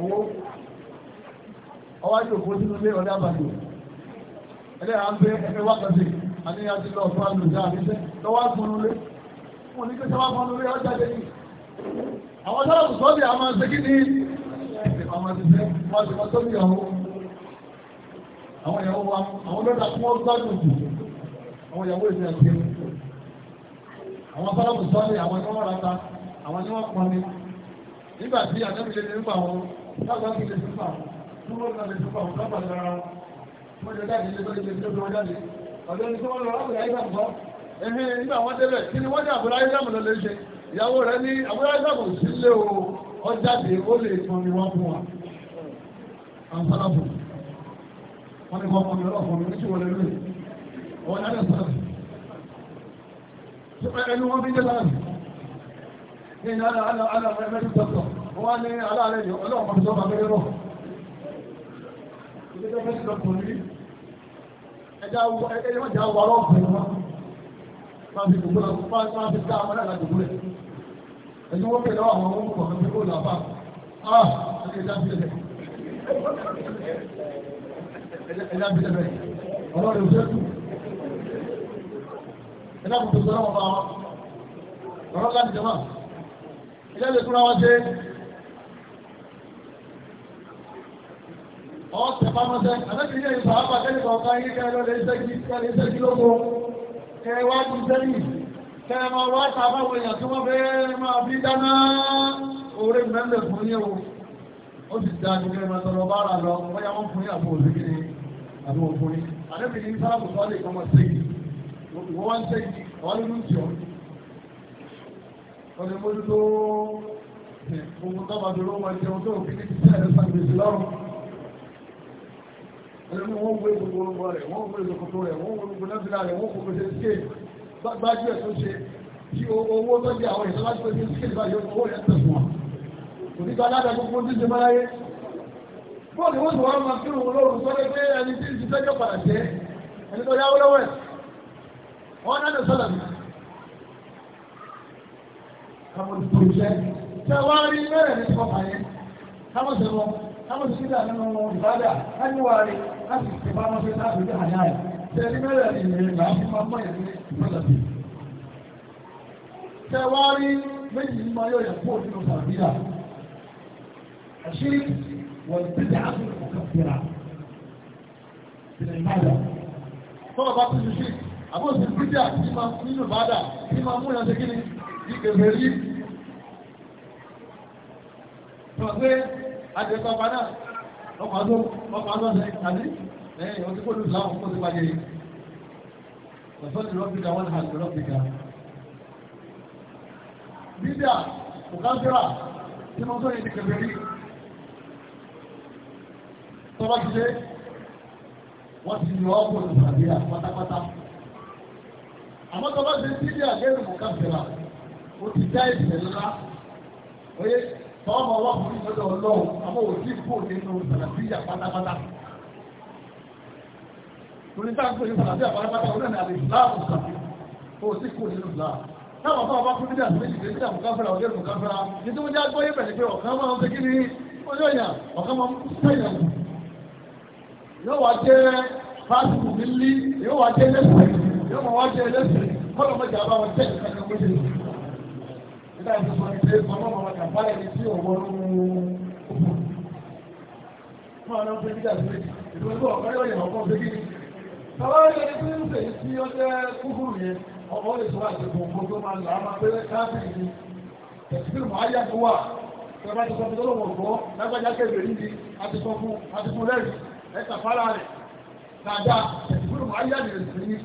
owó ọwájú òkú sínú ilé ọ̀dá àbàdù ẹlẹ́yà ń gbé ẹgbẹ́ wákàtí àti àti lọ fún àlùjá àbíṣẹ́ lọ́wọ́ fúnnulé wọn ní kí sọ́wọ́ fúnnulé ọjà dé yìí àwọn sọ́wọ́ sọ́ọ́dì àwọn ṣe kí ni àwọn ti ti fọ́ bí ọ̀hún àwọn ìyàwó wa àwọn lọ́dà kí wọ́n gbádùn jù àwọn ìyàwó ìsìn àti àwọn sálábù sọ́ọ̀lì àwọn ẹ̀kọ́ wọn rata àwọn ni wọ́n pọn nígbà tí àtẹ́bìlẹ̀ ti ń wọn lágbà ti lè fífà fún wọn náà lè wọn lágbà lè wọn jẹ jáde lè lórí lè lórí jáde ọ̀dọ́ ni tí wọ́n lọ lábùlá ìgbà gbọ́ nígbà wọ́n débẹ̀ kí ni wọ́n ní àbúrá ìgbà mọ̀ lọ́lẹ́ ṣe ìyàwó rẹ̀ ní àbúrá ìgbà mọ̀ o ọjà dé ó lè pọn ni fún wa àwọn sálàfù wọ́n ní kọ́ ọmọ mi ọlọ́fọ̀ mi níṣẹ́ wọlé lóye ọwọ́ ní alẹ́ sálàfù ẹnu wọn fi dé sálàfù ní ìyá alẹ́ alẹ́ mẹ́rin dọ́kítọ̀ wọ́n wá ní aláàlẹ́ yìí ọlọ́wọ́ máa fi abẹ́rẹ́ rọ̀ ilé mẹ́rin dọ́kítọ̀ ní ẹja ẹjọ́ ìjà wà lọ́ọ̀fẹ́ wọn máa fi dùgbò máa fi dá ọmọdé àgbàdùgbò rẹ̀ ẹni wọ́n pè lọ́wọ́ àwọn ọmọ ẹni ìjà fi lẹ̀ ẹ̀dá bí ẹ̀bẹ̀ ọ̀rọ̀ rẹ̀ òṣèlú ẹ̀dá kò tó sọ́rọ̀ wọn bá wọn ọ̀rọ̀ láti jẹmọ́ ilé ìlú kúrò wọn ṣe ọ̀sẹ̀ pàmọ́sẹ̀ àbẹ́kì ilé ìfà ápá tẹ́lẹ̀ kọ̀ọ̀kan yìí kẹ́ lọ́lẹ̀ iṣẹ́ kí lóko kẹ́ wá ti sẹ́yìn kẹ́ máa wá tàbáwọ̀ èèyàn tí wọ́n fẹ́ máa bí dáná orí mẹ́lẹ̀ fún yẹ̀wò ó sì dá ní ẹgbẹ́ tọrọ bára lọ wọ́n yá wọ́n fún yàtọ̀ òsìkí ni àbí wọ́n fún ní. àdébì ní sáàbù sọ́ọ́lì kan mọ̀ sí wọ́n wá ń sẹ́yìn àwọn nínú ìtì ọ̀ ọdún mójú tó ohun tó máa dúró wọn jẹun tó fi ní títí ẹ̀rọ sàgbèsì lọ́rùn ẹni wọ́n wé gbogbo ọgbọ rẹ̀ wọ́n wé ìlòkòtò rẹ̀ wọ́n wé gbogbo náfìlà rẹ̀ wọ́n kòkò ṣe ṣe gbájú ẹ̀ tó ṣe tí owó tó jẹ àwọn ìṣẹ́lájú pé ṣe ṣe báyìí owó rẹ̀ tẹ̀sùn wọn òtítọ́ alábẹ́ gbogbo tí ṣe máláyé bóòlù wọ́n ti wọ́n máa kí òun lóòrùn tó lé pé ẹni tí ìṣiṣẹ́ jọ padà jẹ́ ẹni tó yáwó lọ́wọ́ ẹ̀ wọ́n náà lè sọ̀rọ̀ mi. káwọn ti tó iṣẹ́ tẹ wá rí mẹ́rẹ̀ ní ọkọ̀ yẹn káwọn ti wọ́n káwọn ti sílẹ̀ nínú wọn ìbádà láti wà rí láti ìbá wọn ṣe láti ìdí àyà ẹ̀ tẹ ní mẹ́rẹ̀ ní ìrìn là á fi máa mọ̀ yẹn ní ìbádà tẹ méjì ní ma yóò yẹ kó الشرك والبدعة المكفرة من العبادة طبعا بعض الشرك àbúrò sí bídíà tí ma nínú bàdà tí ma mú ìyànjẹ́ kí ni ní kẹfẹ́ rí tọ́ pé àjẹkọ̀ padà ọkọ̀ àdó ọkọ̀ àdó ọ̀sẹ̀ àdí ẹ̀yìn ọdún kó lù láwọn kó ti wáyé yìí ọ̀sọ́ ti rọ́bìkà wọn hà sí rọ́bìkà bídíà kò káńtírà tọ́lá ti dé wọ́n ti yọ ọ́ bọ̀lù pàdé à pátápátá. àmọ́ tọ́lá ti ti dé àgbẹ̀rù mọ̀ká fẹ́ra o ti já ìṣẹ̀ ńlá oye tọ́ọ̀mọ̀ wà fún ìgbẹ́dọ̀ ọlọ́run àmọ́ òtí kò nínú sàlàbíyà pátápátá torí tá ń pè ní sàlàbí àpárapátá orí ẹ̀nà àlè ìsìláàmù sàbí ó sì kú nínú ìsìláàmù táwọn bá wà fún nídà sí méjì méjì àmú káfẹ́ra ọ̀dẹ́ ìlú káfẹ́ra ní tó ń jẹ́ agbóyè pẹ̀lú pé ọ̀kan máa ń fẹ́ kí ni ọjọ́ ìyà ọ̀kan máa ń sẹ́yìn yóò wá jẹ́ fásitì nílí yóò wá jẹ́ lẹ́sìn yóò wá jẹ́ lẹ́sìn kọ́lọ̀ mọ́jà bá wọn tẹ̀ ẹ̀ka kan méjì. nígbà tí wọ́n ti ọmọ ọmọ kàfá ẹni tí ò wọ́n mú un. fún àwọn ọmọ ìgbà tí ìdúró ọ̀gá yóò yẹ ọkọ̀ fẹ́ ni. bàbá yẹn ní bí sèyí tí ó jẹ́ kúkúrú yẹn ọmọ lè sọ àti gbogbo tó máa là á pé káfíìn ni. tẹ̀síkìrì mọ́ ayé àti wà. tẹ̀síkìrì mọ́ ayé àti wà ẹ̀ka fara rẹ̀ dáadáa ẹ̀dùnkúrò máa yá ìrìn sí ní.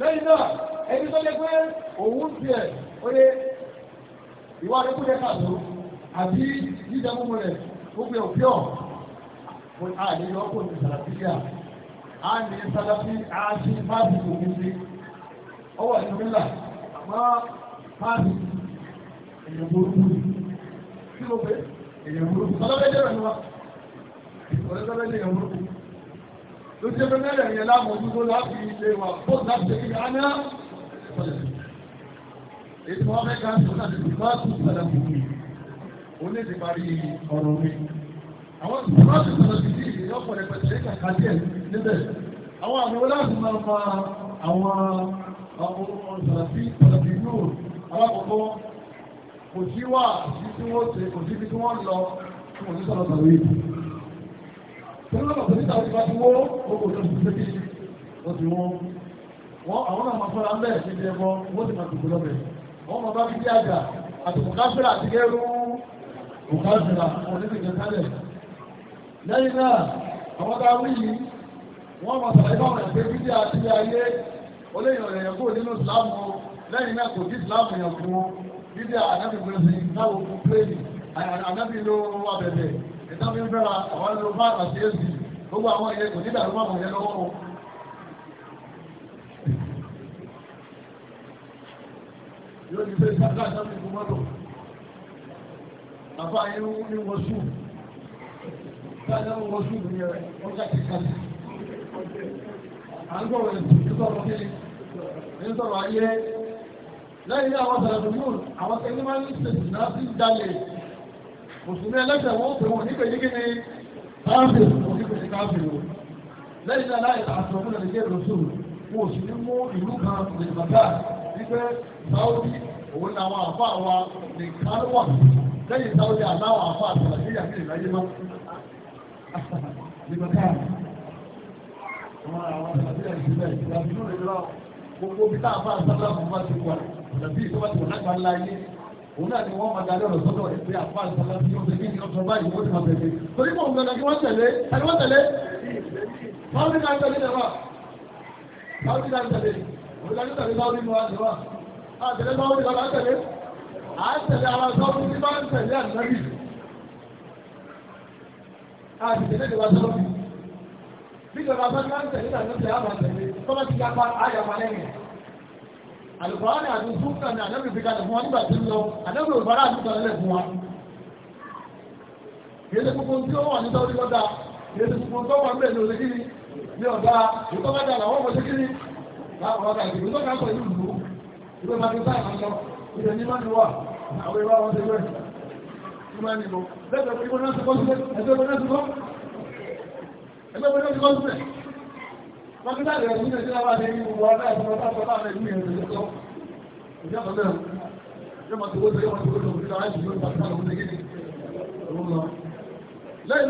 lẹ́yìn náà ẹni tó lé pé òun tiẹ̀ ó lé ìwà àdékù lẹ́ka tó àbí jíjẹ múmu rẹ̀ ó gbé òfin ọ̀ àní yọ kó ní sàlàfíà àní sàlàfí àti fáàbì òfin sí ọwọ́ ìdúmílà àmọ́ fáàbì èèyàn burúkú sí ló bẹ́ẹ̀ èèyàn burúkú ọlọ́bẹ̀dẹ̀ rẹ̀ ni wá ọlọ́bẹ̀dẹ̀ èèyàn burúkú ló ti ẹgbẹ́ mẹ́rẹ̀ yẹn lámọ̀ọ́dún tó láti ilé wa bó láti ṣe kíkà áná ètò wọn fẹ́ ká ń sọ láti fi máa tún padà fún mi ó lè ti parí ọ̀rọ̀ mi àwọn ìfúnmáàtì sọ̀rọ̀ ti di ìyọ́pọ̀ rẹpẹtẹ kàkà díẹ̀ níbẹ̀ àwọn àmì oláàfin máa fa àwọn sí ọ̀sọ̀rọ̀ sí kò sí wà sí tí wọ́n ṣe kò sí bí tí wọ́n lọ kò sí sọ̀rọ̀ sọ̀rọ̀ yìí. Tẹ́lọ́pọ̀ tó ní tàbí bá ti wó oògùn tó ti fi ó ti wó. Wọ́n àwọn náà máa fọ́ra ń bẹ̀rẹ̀ sí ibi ẹbọ wọ́n ti máa tòkó lọ́bẹ̀. Wọ́n máa bá bíbí àjà àti bùkásíra àti gẹ́rú bùkásíra oníbìkẹ́ sálẹ̀. Lẹ́yìn náà, àwọn tá a wí yìí, wọ́n máa sàlàyé báwọn ẹ̀gbẹ́ bíbí àti ayé oléyìn ọ̀rẹ̀yẹ̀ kó nínú ìsìlámù lẹ́yìn náà kò sí ìsìlámù yẹn fún dídí ànábì gbèsè táwọn òkú pléènì ànábì ló wà bẹ̀bẹ̀ ìtàbí ń fẹ́ra àwọn ló bá àti èsì gbogbo àwọn ilé kò nígbà ló má mọ̀ yẹn lọ́wọ́ yóò di pé sàkà ànábì kò mọ́tò àbá yín ń wọ sùn sáyẹn ń wọ sùn ní ẹ̀rẹ̀ wọ́n ká à ń gbọ́ wẹ̀ ní sọ̀rọ̀ kí ní sọ̀rọ̀ ayé lẹ́yìn àwọn sàrẹ̀dùnmùn àwọn tẹ́lẹ̀ máa ń ní ṣèṣì náà sí ìdálẹ̀ mùsùlùmí ẹlẹ́sẹ̀ wọn ó wọn nípe yíkí ni káàfì wọn nípe ní káàfì o lẹ́yìn náà láì àtọ̀mùn ẹ̀lẹ́gẹ́ ìrọ̀sùn wọn ò sì ní mú ìlú kan lè bàtà wípé Saudi òun ni àwọn àfa wa lè kárọ̀wà lẹ́yìn Saudi aláwọ̀ àfa àtàlà ní ìyàgbé ìláyé mọ́ lè bàtà àwọn àwọn àtàlà ní ìyàgbé ìláyé mọ́ gbogbo bí táà bá àtàlà mọ́ bá ti wà ọ̀nà bí ìjọba tó lágbàá ńlá yé òun náà ni wọ́n máa darí ọ̀rọ̀ sọ́dọ̀ ẹ̀ pé àpá àtàlà tí yóò tẹ̀lé ìjọba báyìí wọ́n ti máa tẹ̀lé torí mọ̀ nǹkan kí wọ́n tẹ̀lé ẹni wọ́n tẹ̀lé wọ́n ní náà tẹ̀lé náà wọ́n ní náà tẹ̀lé òun náà tẹ̀lé báwọn nínú wa tẹ̀lé wa tẹ̀lé à àlùkòrán àti súnkà ní àdébì fi kalẹ̀ fún wa nígbà tí ń lọ àdébì òbára àti ìtọ́lẹ̀ fún wa yéé gbogbo tí ó wà ní sọ́ọ́dí lọ́dà yéé gbogbo tó wà níbẹ̀ ní òṣèkiri ní ọ̀dà ìtọ́kadà làwọn ọmọ òṣèkiri láwọn ọ̀dà ìdìbò tó kà pọ̀ ìlú ìlú ìgbé máa ti sáà máa lọ ìdè ní máa wà àwọn ìwà wọn ti wẹ̀ Lẹ́yìn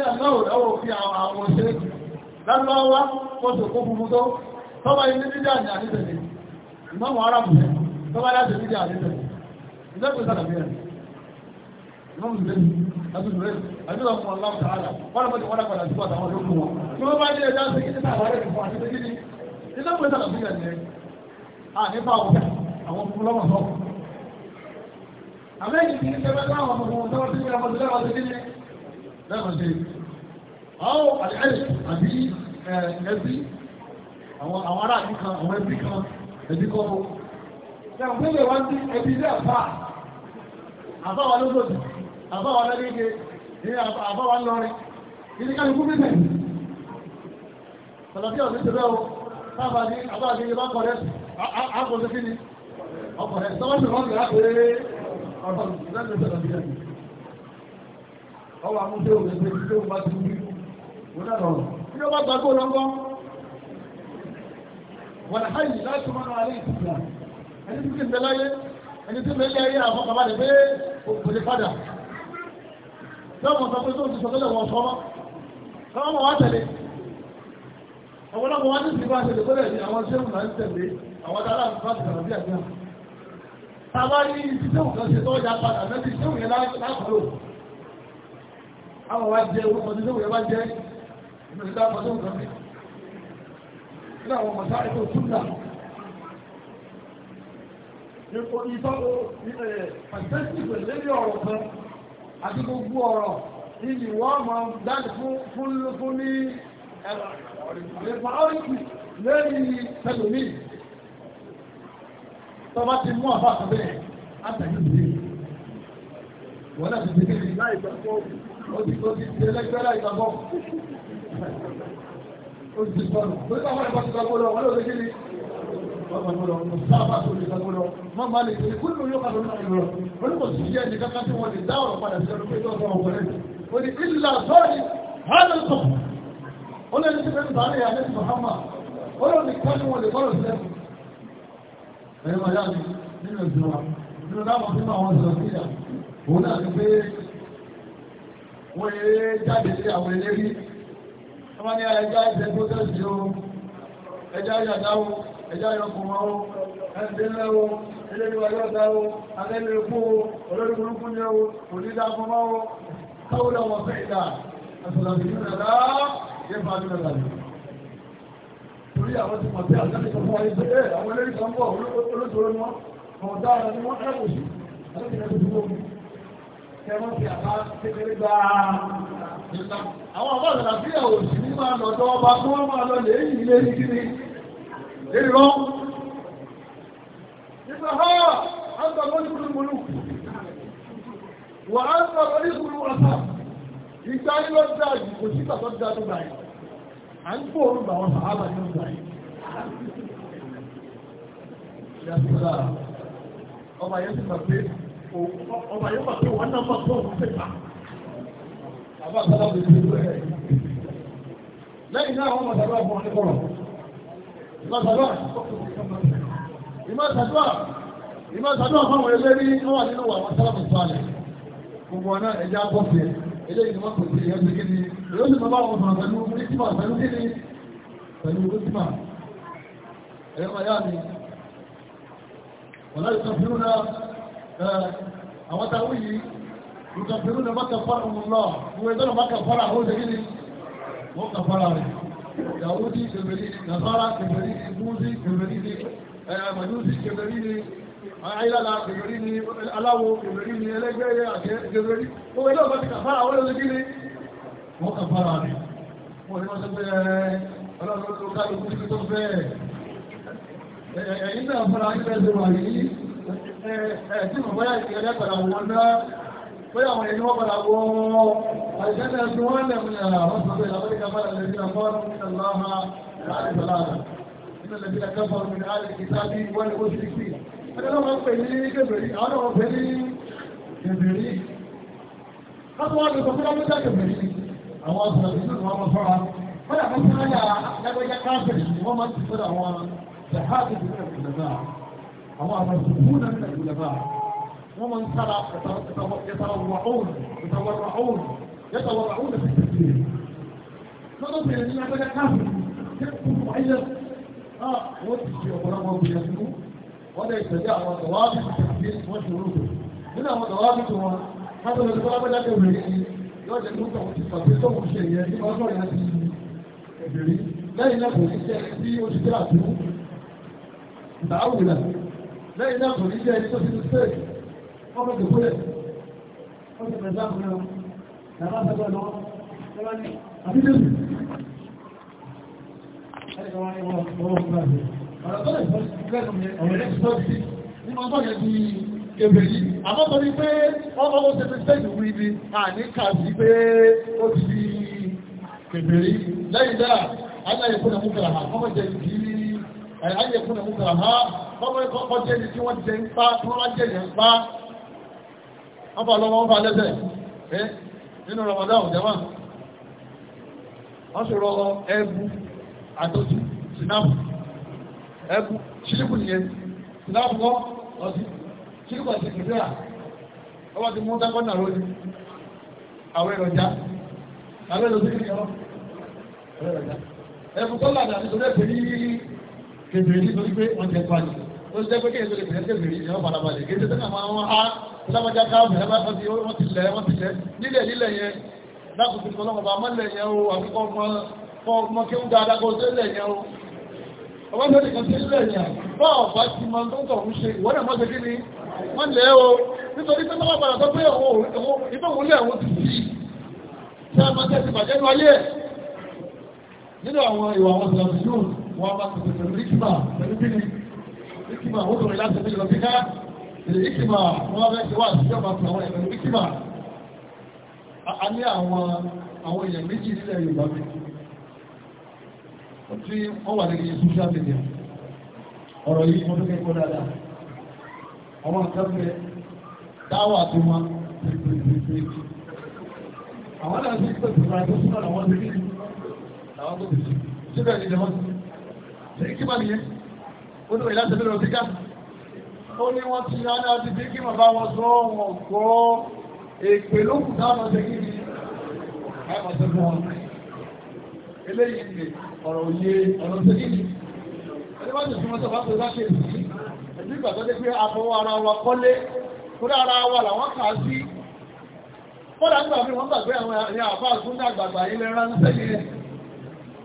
àláwò láwò fi àwọn àwọn ṣe lálọ́wá pọ̀sọ̀ kó fún mútó, tọ́bá ilé dídá ní àdíbẹ̀rẹ̀, ìmọ́mù arábù rẹ̀, tọ́bá láti dídá àdíbẹ̀rẹ̀, ìjọ́ pẹ̀sàdàbẹ̀rẹ̀, ìmọ́mù àdúrà fún aláwọ̀ tààlà wọ́n lọ́pọ̀ wọ́n lọ́pọ̀ àti bọ́ta wọn ló fún wọn tí wọ́n bá dé ẹja ṣe kíkí náà wáyé fún àti kíkí nígbà pé sàlọ̀ fún yẹn yẹn à nípa àwọn àwọn fún lọ́wọ́ sọ. àmọ́ èyí kì í ṣe bẹ́ẹ̀ láwọn ọmọ ọmọ ọmọ tí wọ́n ti lẹ́wọ̀ ṣe kíkí lẹ́wọ̀ ṣe. àwọn àlẹ́ àbí ẹbí àwọn ará àbí kan àwọn ẹbí kan ẹbí kọ́ àbáwà lẹ́gbẹ̀ẹ́ ní àbáwà lọ́rin kí ní kálukú bí mẹ́rin tọ̀lọ̀bí ọ̀sẹ̀ tẹ́lẹ̀ o sábà ní àbáwà ní ìbá kọ̀rẹ́ àkọ̀ọ́sẹ̀ kí ni ọkọ̀rẹ́ tọ́wọ́sẹ̀ wọ́n gbà pé ọ̀rọ̀ ìlànà tọ̀lọ̀bí ẹ̀yìn ọwọ́ amúdé òwe pé tí ó bá ti wí wọn náà lọ́rọ̀ tí ó bá gbàgbó lọ́gbọ́ wọn àyè láti mọ́ náà alẹ́ ìtìlá ẹni tí kì í lọ́mọ sọ pé tó ti sọ tẹ́lẹ̀ wọn sọ mọ́ káwọn wọn wá tẹ̀lé ọ̀pọ̀lọpọ̀ wọn ní sí bá tẹ̀lé kọ́lẹ̀ ní àwọn sẹ́wù náà ń tẹ̀lé àwọn dára ń fàtì àwọn bí àgbà tàbá ní ibi sẹ́wù kan ṣe tọ́jà padà mẹ́bí sẹ́wù yẹn lákòó àwọn wá jẹ orúkọ tí sẹ́wù yẹn bá jẹ ìmọ̀lẹ́dá pàtó nǹkan mi ní àwọn mọ̀sáì tó túnlá ìfọ̀ pàtẹ́sì pẹ̀lẹ́bí ọ̀rọ̀ kan àti gbogbo ọ̀rọ̀ ìlú wọ́n mọ̀ dájú fún ní ẹ̀rọ ọ̀rìkì lórí pẹ̀lúmí tó bá ti mú àbá àtàbẹ̀ àtàbí ìlú wọ́n náà ti di kí ní láì gbàgbọ́ ó ti tó ti di ẹlẹ́gbẹ́ láì gbàgbọ́ ó ti sọ̀rọ̀ pé káwọn ìbọn ti gbàgbọ́ lọ́gbàgbọ́lọ́ sábà tó lè gbàgbọ́lọ́ wọ́n máa lè tẹ̀lé kúrò yóò kàlọ́ náà lọ olùkọ́ sí yẹ́ nìkan ká tí wọ́n lè dá ọ̀rọ̀ padà sí ọdún pé yóò sọ̀rọ̀ wọlé ó ní ìlà sọ́ọ̀rì hálùsọ̀ ó lè ní sípẹ́ sàárè àlẹ́ sọ̀hámà ó lọ ní ká tí wọ́n lè kọ́rọ̀ sí ẹ̀kú ẹ̀yọ́ máa yá mi nínú ìṣòro wa nínú láwọn tí máa wọn sọ̀rọ̀ síyà òun náà ti pé wọ́n yé jáde sí àwọn eléré wọ́n ní ẹja ìṣẹ́ tó tẹ̀sí o ẹja ìyàdáwó ẹ̀yà ọkùnrin ọwọ́ ẹ̀dẹ́lẹ́wọ́ ẹlẹ́gbẹ̀ẹ́ ọjọ́dáwọ́ alẹ́lẹ́gbẹ̀ẹ́kọ́ olórin burúkú ní ọwọ́ onídàáfọ́mọ́wọ́ táwọn ọmọ fẹ́ ìdá àtàlàbí nínú ẹ̀dá yẹ́ fàájú ẹ̀dá yìí torí àwọn ti mọ̀ sí àjẹ́lẹ̀ tó fún ayé pé ẹ̀ àwọn eléyìí kan bọ̀ olóṣòro ni wọ́n kàn dára ni wọ́n ẹ̀kọ́ sí àti ìrẹsì tó wọ́n kẹ wọ́n fi àbá kékeré gbá àwọn àbá àgbàdàbí ẹ̀ òsì ní máa lọ́dọ̀ ọba kí wọ́n máa lọ lè yí ilé ní kíni lérí rọ́ nígbà ha á ń tọ́ lórí kúrú wà á ń tọ́ lórí kúrú ọ̀sà ìgbà ní lọ dáa jù kò sí tàbí dáa tó báyìí à ń kó orun bà wọn sàábà ní ọgbà yìí yàtúrà ọba yẹn ti mọ̀ pé ọba yẹn mọ̀ pé wọn náà mọ̀ pé òun fẹ́ ta àbá àtàlà bèbè lẹ́yìn náà wọn mọ̀ ìmọ̀sàdúrà ìmọ̀sàdúrà ìmọ̀sàdúrà fáwọn ẹgbẹ́ rí wà nínú àwọn sálámù sọ́ọ̀lẹ̀ gbogbo ọ̀nà ẹ̀já bọ́ọ̀sì ẹ̀ eléyìí ni wọ́n kò sí ẹ̀yọ́ sí kí ni èyí ó sì máa bá wọn sọ̀rọ̀ pẹ̀lú rísímà pẹ̀lú kí ni pẹ̀lú rísímà ẹ̀yọ́ máa yá mi wọ́n láti sọ fún náà àwọn táwọn yìí lùkàfẹ́rù náà ẹgbẹ́ náà ni wọ́n yahudi kèfèrí nasara kèfèrí gúúsì kèfèrí ni majusi kèfèrí ni ayélujára kèfèrí ni aláwo kèfèrí ni ẹlẹgbẹyẹ àti kèfèrí ó wẹlé ọba ti kàfàrà wọn lọ sí wọn kàfàrà ni wọn ni wọn sọ pé eh, ọlọ́run tó ká lóko tó fẹ́ eh, eh, ẹ̀yìn náà fara ẹ̀yìn náà sọ̀rọ̀ àyè ẹ̀ ẹ̀ tí mo bá yà ìkẹlẹ́ padà wọn náà bóyá àwọn ẹni wọ́n padà wọ́ àìsẹ́ni ẹ̀sùn wọn lẹ̀ fún yàrá wọ́n sọ pé làwọn ìka padà lè fi àkọ́ nínú ìlànà láti sọ̀láàdà nínú lè fi àkẹ́kọ̀ọ́ nínú àlè kìtà bí wọ́n lè kó sí sí. ẹni náà wọ́n pè ní kébèrè àwọn náà wọ́n pè ní kébèrè. wọ́n wá lè sọ fún ọmọdé kébèrè àwọn ọ̀sán ìlú wọn mọ̀ fọ́ra. wọ́n yà fún sáyà lágbẹ́jẹ́ káfíìn wọ́n máa ń ti fọ́ra àwọn هم انطلق يتورعون يتورعون يتورعون في التكبير فنظر يعني هذا كافر يكفر معين اه وتشي وبرمه بيسمو ولا يتبع وضوابط التكبير وشروطه هنا وضوابطها هذا الضوابط لا تبهيه يوجد نقطة في التكبير ثم شيء يجب أن يكون هذه لا ينقل إلا في وشكراته تعولا لا ينقل إلا في تفسير ọmọ ìdókòlẹ̀ ọmọ ìdókòlẹ̀ ọmọ ìdókòlẹ̀ ọmọ ìdókòlẹ̀ àbídẹ́bù ẹ̀rọ wọn ni wọ́n wọ́n fún àbí ọ̀rọ̀ tó lè fọ́n lẹ́nu mi ọ̀rọ̀ lẹ́nu tó ti ní máa bọ́ọ̀lẹ̀ bí ebè yìí àmọ́ tó ní pé ọmọ ó ṣe fẹ́ ìwé ni àní kà sí pé ó ti di ebè yìí lẹ́yìn náà ayé fún ẹ̀mú kàrà hàn ìdí ayé fún ẹ̀mú kàrà ẹ̀kọ́ jẹ́ ní wọ́n jẹ ń pa tí jẹ́ yẹn ń wọ́n fà lọ́wọ́ wọ́n fà lẹ́sẹ̀ ẹ́ nínú Ramadan jẹ́mọ́ wọ́n sọ̀rọ̀ ẹ̀bù àtọ́jú sinapu ẹ̀bù ṣílíkù nìyẹn sinapu kọ́ ọ̀sìn ṣílíkù ọ̀sìn kìfẹ́ra ọwọ́ ti mú náà lórí àwọn àwọn ẹ̀bù làdà nítorí kèbèrè nítorí pé pàdé ó ti dẹ́gbẹ́ kéèyàn tó lè pèsè tẹ̀lé ìyẹn wọn farabalẹ̀ kéèyàn tó kàn máa wọn á lábàjá ká bẹ̀rẹ̀ bá kan ti wọ́n ti lẹ̀ wọ́n ti lẹ̀ nílẹ̀ nílẹ̀ yẹn lákòókò tó lọ́wọ́ bá mọ́lẹ̀ yẹn o àkọ́kọ́ ọmọ kọ́ ọmọ kí ń da adágọ́ tó lẹ̀ yẹn o ọmọ tó lè kàn sí lẹ̀ yẹn bá ọ̀bá ti mọ tó ń tọ̀ ń ṣe ìwọ́n náà mọ́ṣe kí ni wọ́n lẹ̀ o nítorí pé lọ́wọ́ padà tó pé ìfẹ́ òun lẹ̀ òun ti sí ṣé ọmọ tẹ̀sí bàjẹ́ nu ayé ẹ̀ nínú àwọn ìwà àwọn ìlànà yóò wọ́n á bá tẹ̀sí pẹ̀lú ìkìmà ó tó rẹ̀ láti ní ìlọ kíká ìlè ìkìmà wọ́n rẹ̀ ti wà sí ọmọ fún àwọn ẹ̀mẹ̀lú ìkìmà a ní àwọn àwọn èèyàn méjì nílẹ̀ Yorùbá mi tí wọ́n wà lórí social media ọ̀rọ̀ yìí mo dókè kó dáadáa àwọn nǹkan bẹ dáwà tó wọn pèpèpèpè àwọn náà ti pèpè àti sọ́nà àwọn tó kí àwọn tó kì síbẹ̀ ní ìjọba ṣe kí nìyẹn olú ìlà tẹ̀lé lọ síká ó ní wọ́n ti rán náà ti bí kí màbá wọn sọ wọn gbọ́ èpè ló kù táwọn ṣe kí ni àìmọ̀ tó fún wọn eléyìí ni ọ̀rọ̀ òye ọ̀rọ̀ ṣe kí ni ẹni wọ́n ti súnmọ́ tó bá tó bá ṣe sí ẹni ìgbà tó dé pé àfọwọ́ ara wa kọ́lé kódà ara wa làwọn kà á sí kódà nígbà bí wọ́n gbàgbé àwọn ẹ̀yà àbá àgbàgbà ilẹ̀ ránṣẹ́ yẹn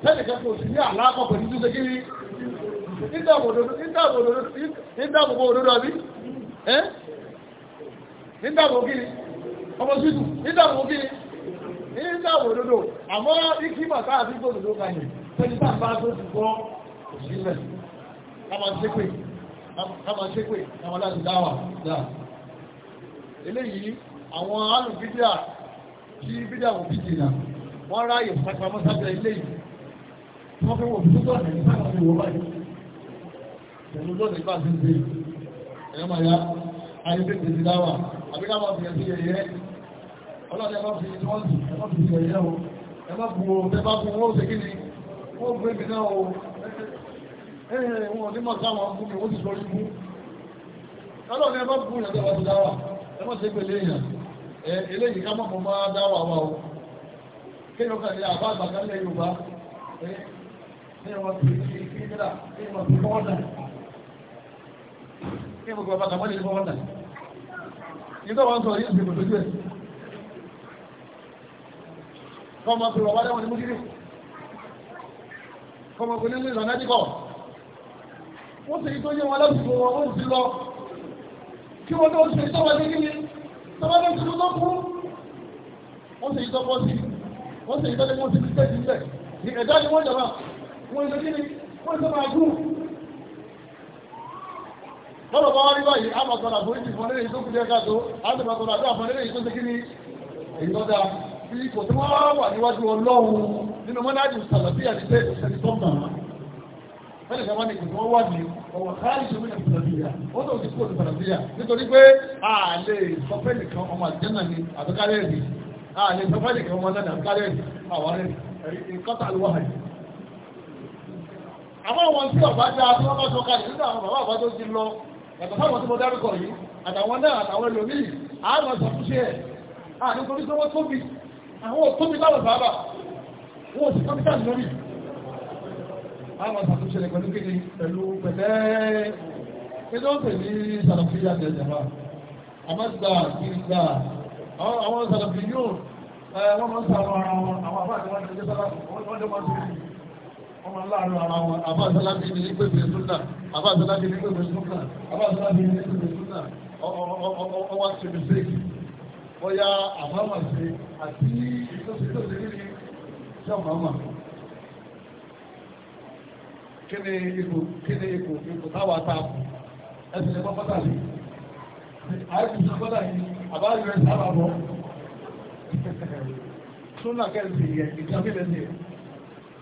sẹ́nìkan kò sí ní àlá ìdáàbòbò òdòdó àbí ẹ́ ìdáàbòbò kí ọmọ sídù ìdáàbòbò kí ni òdòdó àmọ́ ìkímọ̀ táà sí gbòdòdó kàyẹ̀ pẹ̀lú tàbá tó ti gbọ́ òsìlẹ̀ kama kama láti dáwà dáa àwọn tí bídíà wò wọ́n wọ́n pẹ̀lú lọ́nà ìbá ti gbé ẹ̀yọ́ máa ya ayébẹ̀tẹ̀ ti dáwà àbíká máa fi ẹ̀sí ẹ̀yẹ́ ọlọ́dẹ bá fi wọ́n sì ẹ má fi fi ẹ̀yẹ́ o ẹ má bu o bẹ́ẹ̀ bá bu owó ṣe kí ni wọ́n gbé mi náà o ẹ̀ wọn ò ní mọ̀ sáwọn ọkùn mi wọ́n ti sọ ibú ọlọ́dẹ bá bu ìyàtọ̀ bá ti dáwà ẹ má ṣe pẹ̀lú èèyàn eléyìí ká mọ̀ mọ́ máa dáwà wa o kéèyàn kàlẹ́ àbá àgbàkálẹ̀ Yorùbá ẹ̀ kéèyàn wọ́n ti kí kí gbogbo ọba kàmọ́ lè ní fọwọ́ náà nígbà wọn sọ yóò ṣègbè lójú ẹ̀ kọ́mọ pé bàbá lẹ́wọ̀n ní mújírí kọ́mọ pé nínú ìlànà jíkọ̀ wọ́n sì tó yé wọn lásìkò wọn ó sì lọ kí wọ́n tó ṣe tọ́wọ́ ní kíni tọ́wọ́ ní kíni tó kú wọ́n sì tọ́ pọ́ sí wọ́n sì tọ́lé wọ́n sì tẹ́jú bẹ́ẹ̀ ẹ̀dá ni wọ́n jọba wọ́n ìlú kíni wọ́n ìlú máa dùn lọ́dọ̀ bá wá rí báyìí a máa tọ́lá àforíjì fún ẹlẹ́yìn tó kù díẹ̀ káàtó a ti máa tọ́lá àdúrà fún ẹlẹ́yìn tó ṣe kí ni èyí tó dáa bí ipò tí wọ́n wà níwájú ọlọ́run nínú mọ́nájú sàlàbí àti pé ẹni tó mọ̀ fẹ́lẹ̀ kan wá ní ìgbìmọ̀ wà ní ọwọ́ káàlì tó mílẹ̀ sàlàbíyà ó tó ti kú òtù sàlàbíyà nítorí pé a lè sọ pé nìkan ọmọ àjẹ́nà ni àtúkárẹ́ rí a lè sọ pé nìkan ọmọ àjẹ́nà àtúkárẹ́ rí àwọn rẹ̀ ìkọ́tà àlùwáhàyè àwọn wọn tí ọ̀bá dáa tí wọ́n bá sọ kalẹ̀ nínú àwọn bàbá àbá tó ti lọ yàtọ̀ fáwọn tí mo dárúkọ yìí àtàwọn náà àtàwọn ẹlòmíì àwọn ṣàtúnṣe ẹ̀ àdínkù tí wọ́n tóbi àwọn tóbi báwọn bàbá wọ́n sì tóbi táà lórí àwọn ṣàtúnṣe rẹ̀ pẹ̀lú kéde pẹ̀lú pẹ̀lẹ́ kéde ó pẹ̀lú sàlàfíà jẹjẹrà àmọ́ gbà gbìgbà wọ́n máa ń sàrọ̀ ara wọn àwọn àbá àti wọn jẹ́ sàlàfíà wọ́n jẹ́ máa ń sọ ọmọ láàánú ara wọn àbáṣálábí ní pèsè súnà àbáṣálábí ní pèsè súnà àbáṣálábí ní pèsè súnà ọwọ́ ṣe mi sí bóyá àbámàṣe àti ìtòsítòsí níbi ṣé ọmọ ọmọ kí ni ipò kí ni ipò ipò táwa ta ẹsẹ̀ ẹgbọ́n pátá yìí àìsàn pátá yìí àbáyọ ẹsẹ̀ àbàbọ̀ súnà kẹ́lẹ́sì yẹ ìjọba ìlẹ́sì yẹ.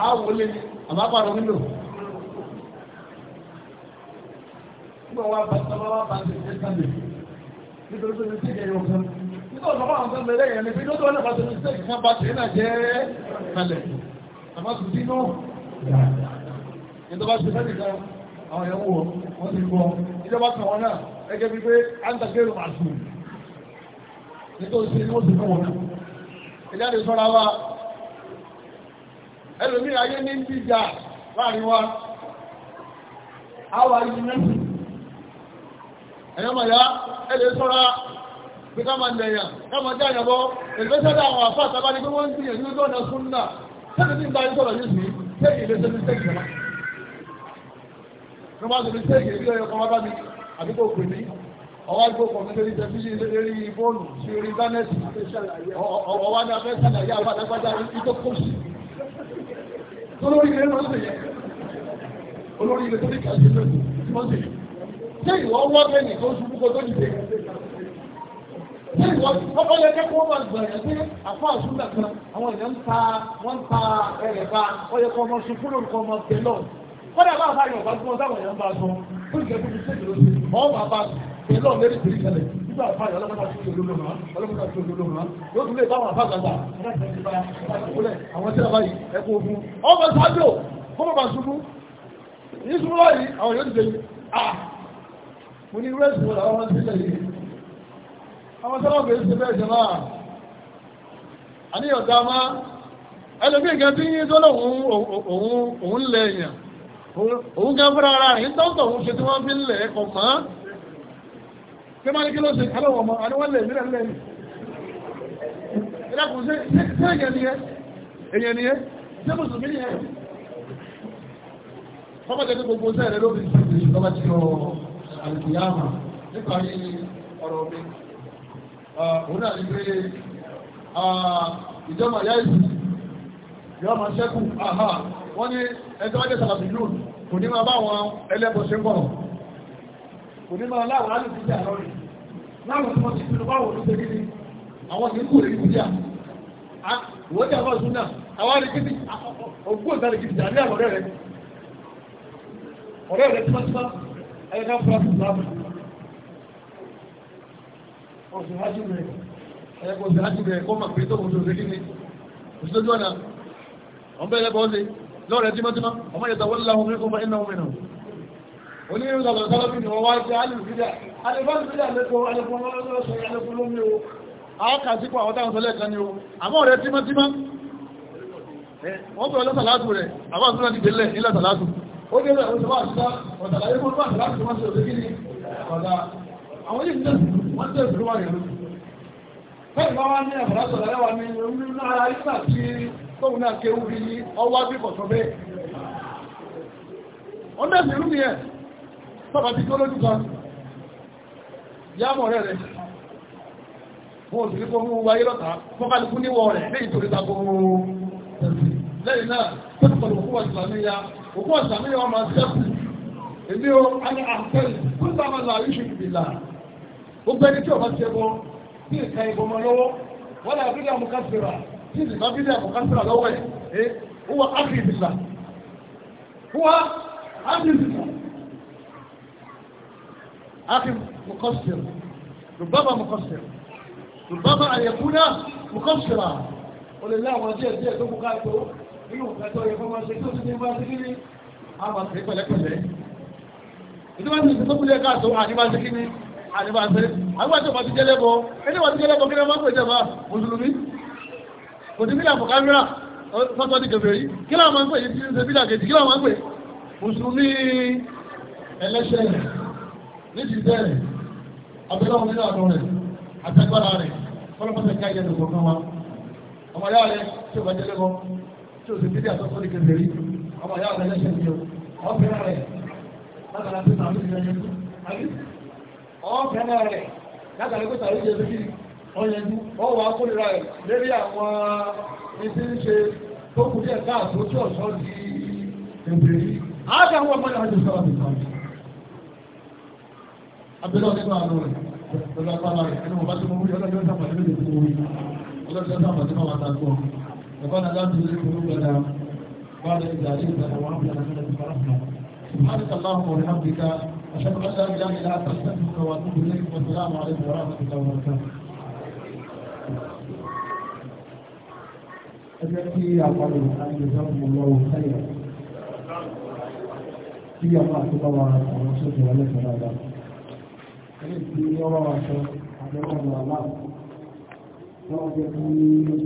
àwọ̀ lè àbápàrọ̀ nílò nígbà wà bá sábà wà bá ṣe ṣe sábẹ̀ nítorí tó ní sí ẹ̀yọ̀ kan nígbà wà bá àwọn ẹ̀rẹ́ yẹn ni bí lóòótọ́ náà bá ṣe ní sí ẹ̀kan bá ṣe náà jẹ́ kalẹ̀ àmọ́ tó dínú ìjọba ṣe fẹ́ nìkan àwọn ẹ̀wọ̀ wọ́n ti gbọ́ ìjọba kan wọn náà ẹgẹ́ bíi pé àǹtàgẹ́rù màṣù nítorí sí ni wọ́n ti fún wọn náà ìjáde sọ́ra wa ẹlòmí ayé ní ìjà láàrin wa àwà ìyìnà ẹ̀yọ́mọ̀ ya ẹlẹ́ sọ́ra pé ká máa nẹ̀yàn ká máa jẹ́ àyàbọ́ ẹ̀lẹ́sẹ́dá àwọn àfáà tàbá ní pé wọ́n ń gbìyànjú lọ́nà súnnà tẹ́lẹ̀ tí ń bá ń sọ̀rọ̀ yìí sí tẹ́lẹ̀ ilé sẹ́lẹ̀ tẹ́lẹ̀ jẹ́ ló máa tóbi sí èkè ilé ọkọ̀ wábá mi àdúgbò pè ní ọwá gbó pọ̀ ní lórí tẹ̀síṣì lórí fóònù sí orí íńtánẹ́ẹ̀tì ọwá ní abẹ́ sàlàyé àwọn àdágbájá ní tó kó sí olórí ilé máa ń sè yẹn olórí ilé tó ní kàṣí lónìí tí wọ́n ṣé ìwọ wọ́ bẹ́ẹ̀ni tó ṣubú kó tó dìde ṣé ìwọ ọkọ yẹn kẹ́kọ̀ọ́ máa gbà yẹn pé àfọ àṣúgbà kan àwọn èèyàn ń ta ẹ̀rẹ̀ bá ọyẹ kọ́ ọmọ ṣubú lórúkọ ọmọ bẹ̀ lọ kọ́dà bá àbáyọ̀ bá gbọ́n táwọn èèyàn bá sọ fún ìjẹ́kùn nígbà àfáàyè fún bàbá ṣubú yìí ṣubú láyìí àwọn yóò dìde ah mo ní rẹ́sì wọn àwọn ọmọ sílẹ̀ yìí àwọn tí wọn ṣe bẹ́ẹ̀ jẹ náà àníyàn dá máa ẹlòmí nǹkan tí yín tó lóun òun lẹ̀ òun gan tí wọ́n ní kí ló ṣe alọ́wọ̀ ọmọ àníwọ́n lè mílẹ̀ lẹ́ ní ìdákùn sí èyàn ni ẹ́ èyàn ni ẹ́ tí mùsùlùmí ni ẹ́ ọmọ jẹ́ gbogbo sẹ́ẹ̀rẹ̀ lórí ìjọba tí ó àlùkìyàmà nípa ní ọ̀rọ̀ mi ìjọba ṣẹ́kù àhà wọ́n ní ẹjọ́ ajẹ́ sàlàbí lónìí kò ní máa bá wọn ẹlẹ́bọ̀ ṣe ń bọ̀rọ̀ kò ní máa láwọn láti bíjà lọ́rẹ̀ láwọn tí wọ́n ti pinnu báwọn olùgbé kí ni àwọn tí ń kúrò ní bíjà wọ́n jẹ́ àwọn ìsúná àwọn arìkìtì ògbóǹ tàbí kìtì àbí àwọn ọ̀rẹ́ rẹ̀ ọ̀rẹ́ rẹ̀ tímọ́tímọ́ ẹ̀yẹ ká fúra fún láàmù ọ̀sùn hájú rẹ̀ ẹ̀yẹ kò sí hájú rẹ̀ kó mà pé tó kò sí òṣèlú ní òṣèlú ọ̀nà ọ̀nbẹ̀rẹ̀ bọ́ọ̀lẹ̀ lọ́rẹ̀ tímọ́tímọ́ ọmọ yẹta wọ́n láwọn mẹ́kọ́ onírúurú ọ̀sán bí wọ́n wá jẹ́ alùbídà alùbídà lẹ́kọ̀ọ́ alùbídà lọ́sọ̀ alùbídà lómi o àwọn kà sípò àwọn táwọn sọlẹ̀ kan ni o àmọ́ rẹ̀ tímọ́tímọ́ wọ́n bẹ̀rẹ̀ lọ́sàlátù rẹ̀ àwọn àtúnà ti délẹ̀ ní lọ́sàlátù ó dé lọ́sàlátù ọ̀sàlátù ọ̀sàlátù ọ̀sàlátù ọ̀sàlátù ọ̀sàlátù ọ̀sàlátù ọ̀sàlátù ọ̀sàlátù ọ̀sàlátù ọ̀sàlátù ọ̀sàlátù ọ̀sàlátù tọ́bà tí kó lójú kan yámọ̀ rẹ̀ rẹ̀ wọ́n sì rí kó mú wáyé lọ́ta fọ́kàlùkù níwọ̀ rẹ̀ lẹ́yìn tó ríta kó mú lẹ́yìn náà tó ń pọ̀lù òkú ọ̀sàmíyà òkú ọ̀sàmíyà ọmọ sẹ́kù èmi ó alẹ́ àtẹ́lẹ̀ tó ń bá la ríṣù ìbìlà gbogbo ẹni tí ọba ti ẹbọ tí ìka ìbọn mọ lọ́wọ́ wọ́n lè abílẹ̀ أخي مقصر ربما مقصر ربما أن يكون مقصرا ولله ما جاء جاء tó bùkátà inú ìgbàtọ yẹ fọmọ ṣe tó ti ní bá ṣe kíni a máa ṣe pẹ̀lẹ́pẹ̀lẹ́ ìdí wọn ti ṣe tó kúlẹ̀ káàtó àdìbá ṣe kíni àdìbá ṣe àgbà tó bá ti jẹ́ lẹ́bọ̀ ẹni wà ti jẹ́ lẹ́bọ̀ kí ni wọ́n pè jẹ́ bá mùsùlùmí kò sí bílà bùkámírà fọ́tọ́ ti kẹfẹ́ yìí kí làwọn máa ń pè yìí ti ń ṣe bílà kejì kí làwọn máa ń pè mùsùlùmí ẹlẹ́ṣẹ̀ níbi bẹ́ẹ̀ abẹ́lẹ́wọ̀n nínú àdó rẹ̀ àtẹ́gbára rẹ̀ fọlọ́fọ́sẹ̀ ká ìyẹn lòkọ̀ kan wa ọmọ yára rẹ̀ tí o bá jẹ́ lẹ́kọ̀ọ́ tí o sì ti di àtọ́sọ́ ní kẹfẹ́ rí ọmọ yára rẹ̀ lẹ́sẹ̀ ní o ọ̀fẹ́rẹ́ rẹ̀ látara pé tàbí ìyẹn ọ̀fẹ́rẹ́ rẹ̀ látara pé tàbí ìyẹn ọ̀yẹ̀dú ọwọ́ akólera rẹ̀ lérí àwọn ìdí ń ṣe tó kù di èbèrè. abẹ́lẹ́ nínú àánú rẹ̀ قال apára rẹ̀ nínú ọba tí mo wúlò ọlọ́jọ́ sábàtì سبحانك اللهم وبحمدك أشهد أن لا إله إلا أنت أستغفرك وأتوب إليك والسلام عليكم ورحمة الله وبركاته. أجلتي يا قلبي أن جزاكم الله خيرا. في الله تبارك وتعالى ورسوله ولك هذا. ní ìdí ọ̀rọ̀ àṣọ àjọkọ̀ ọ̀la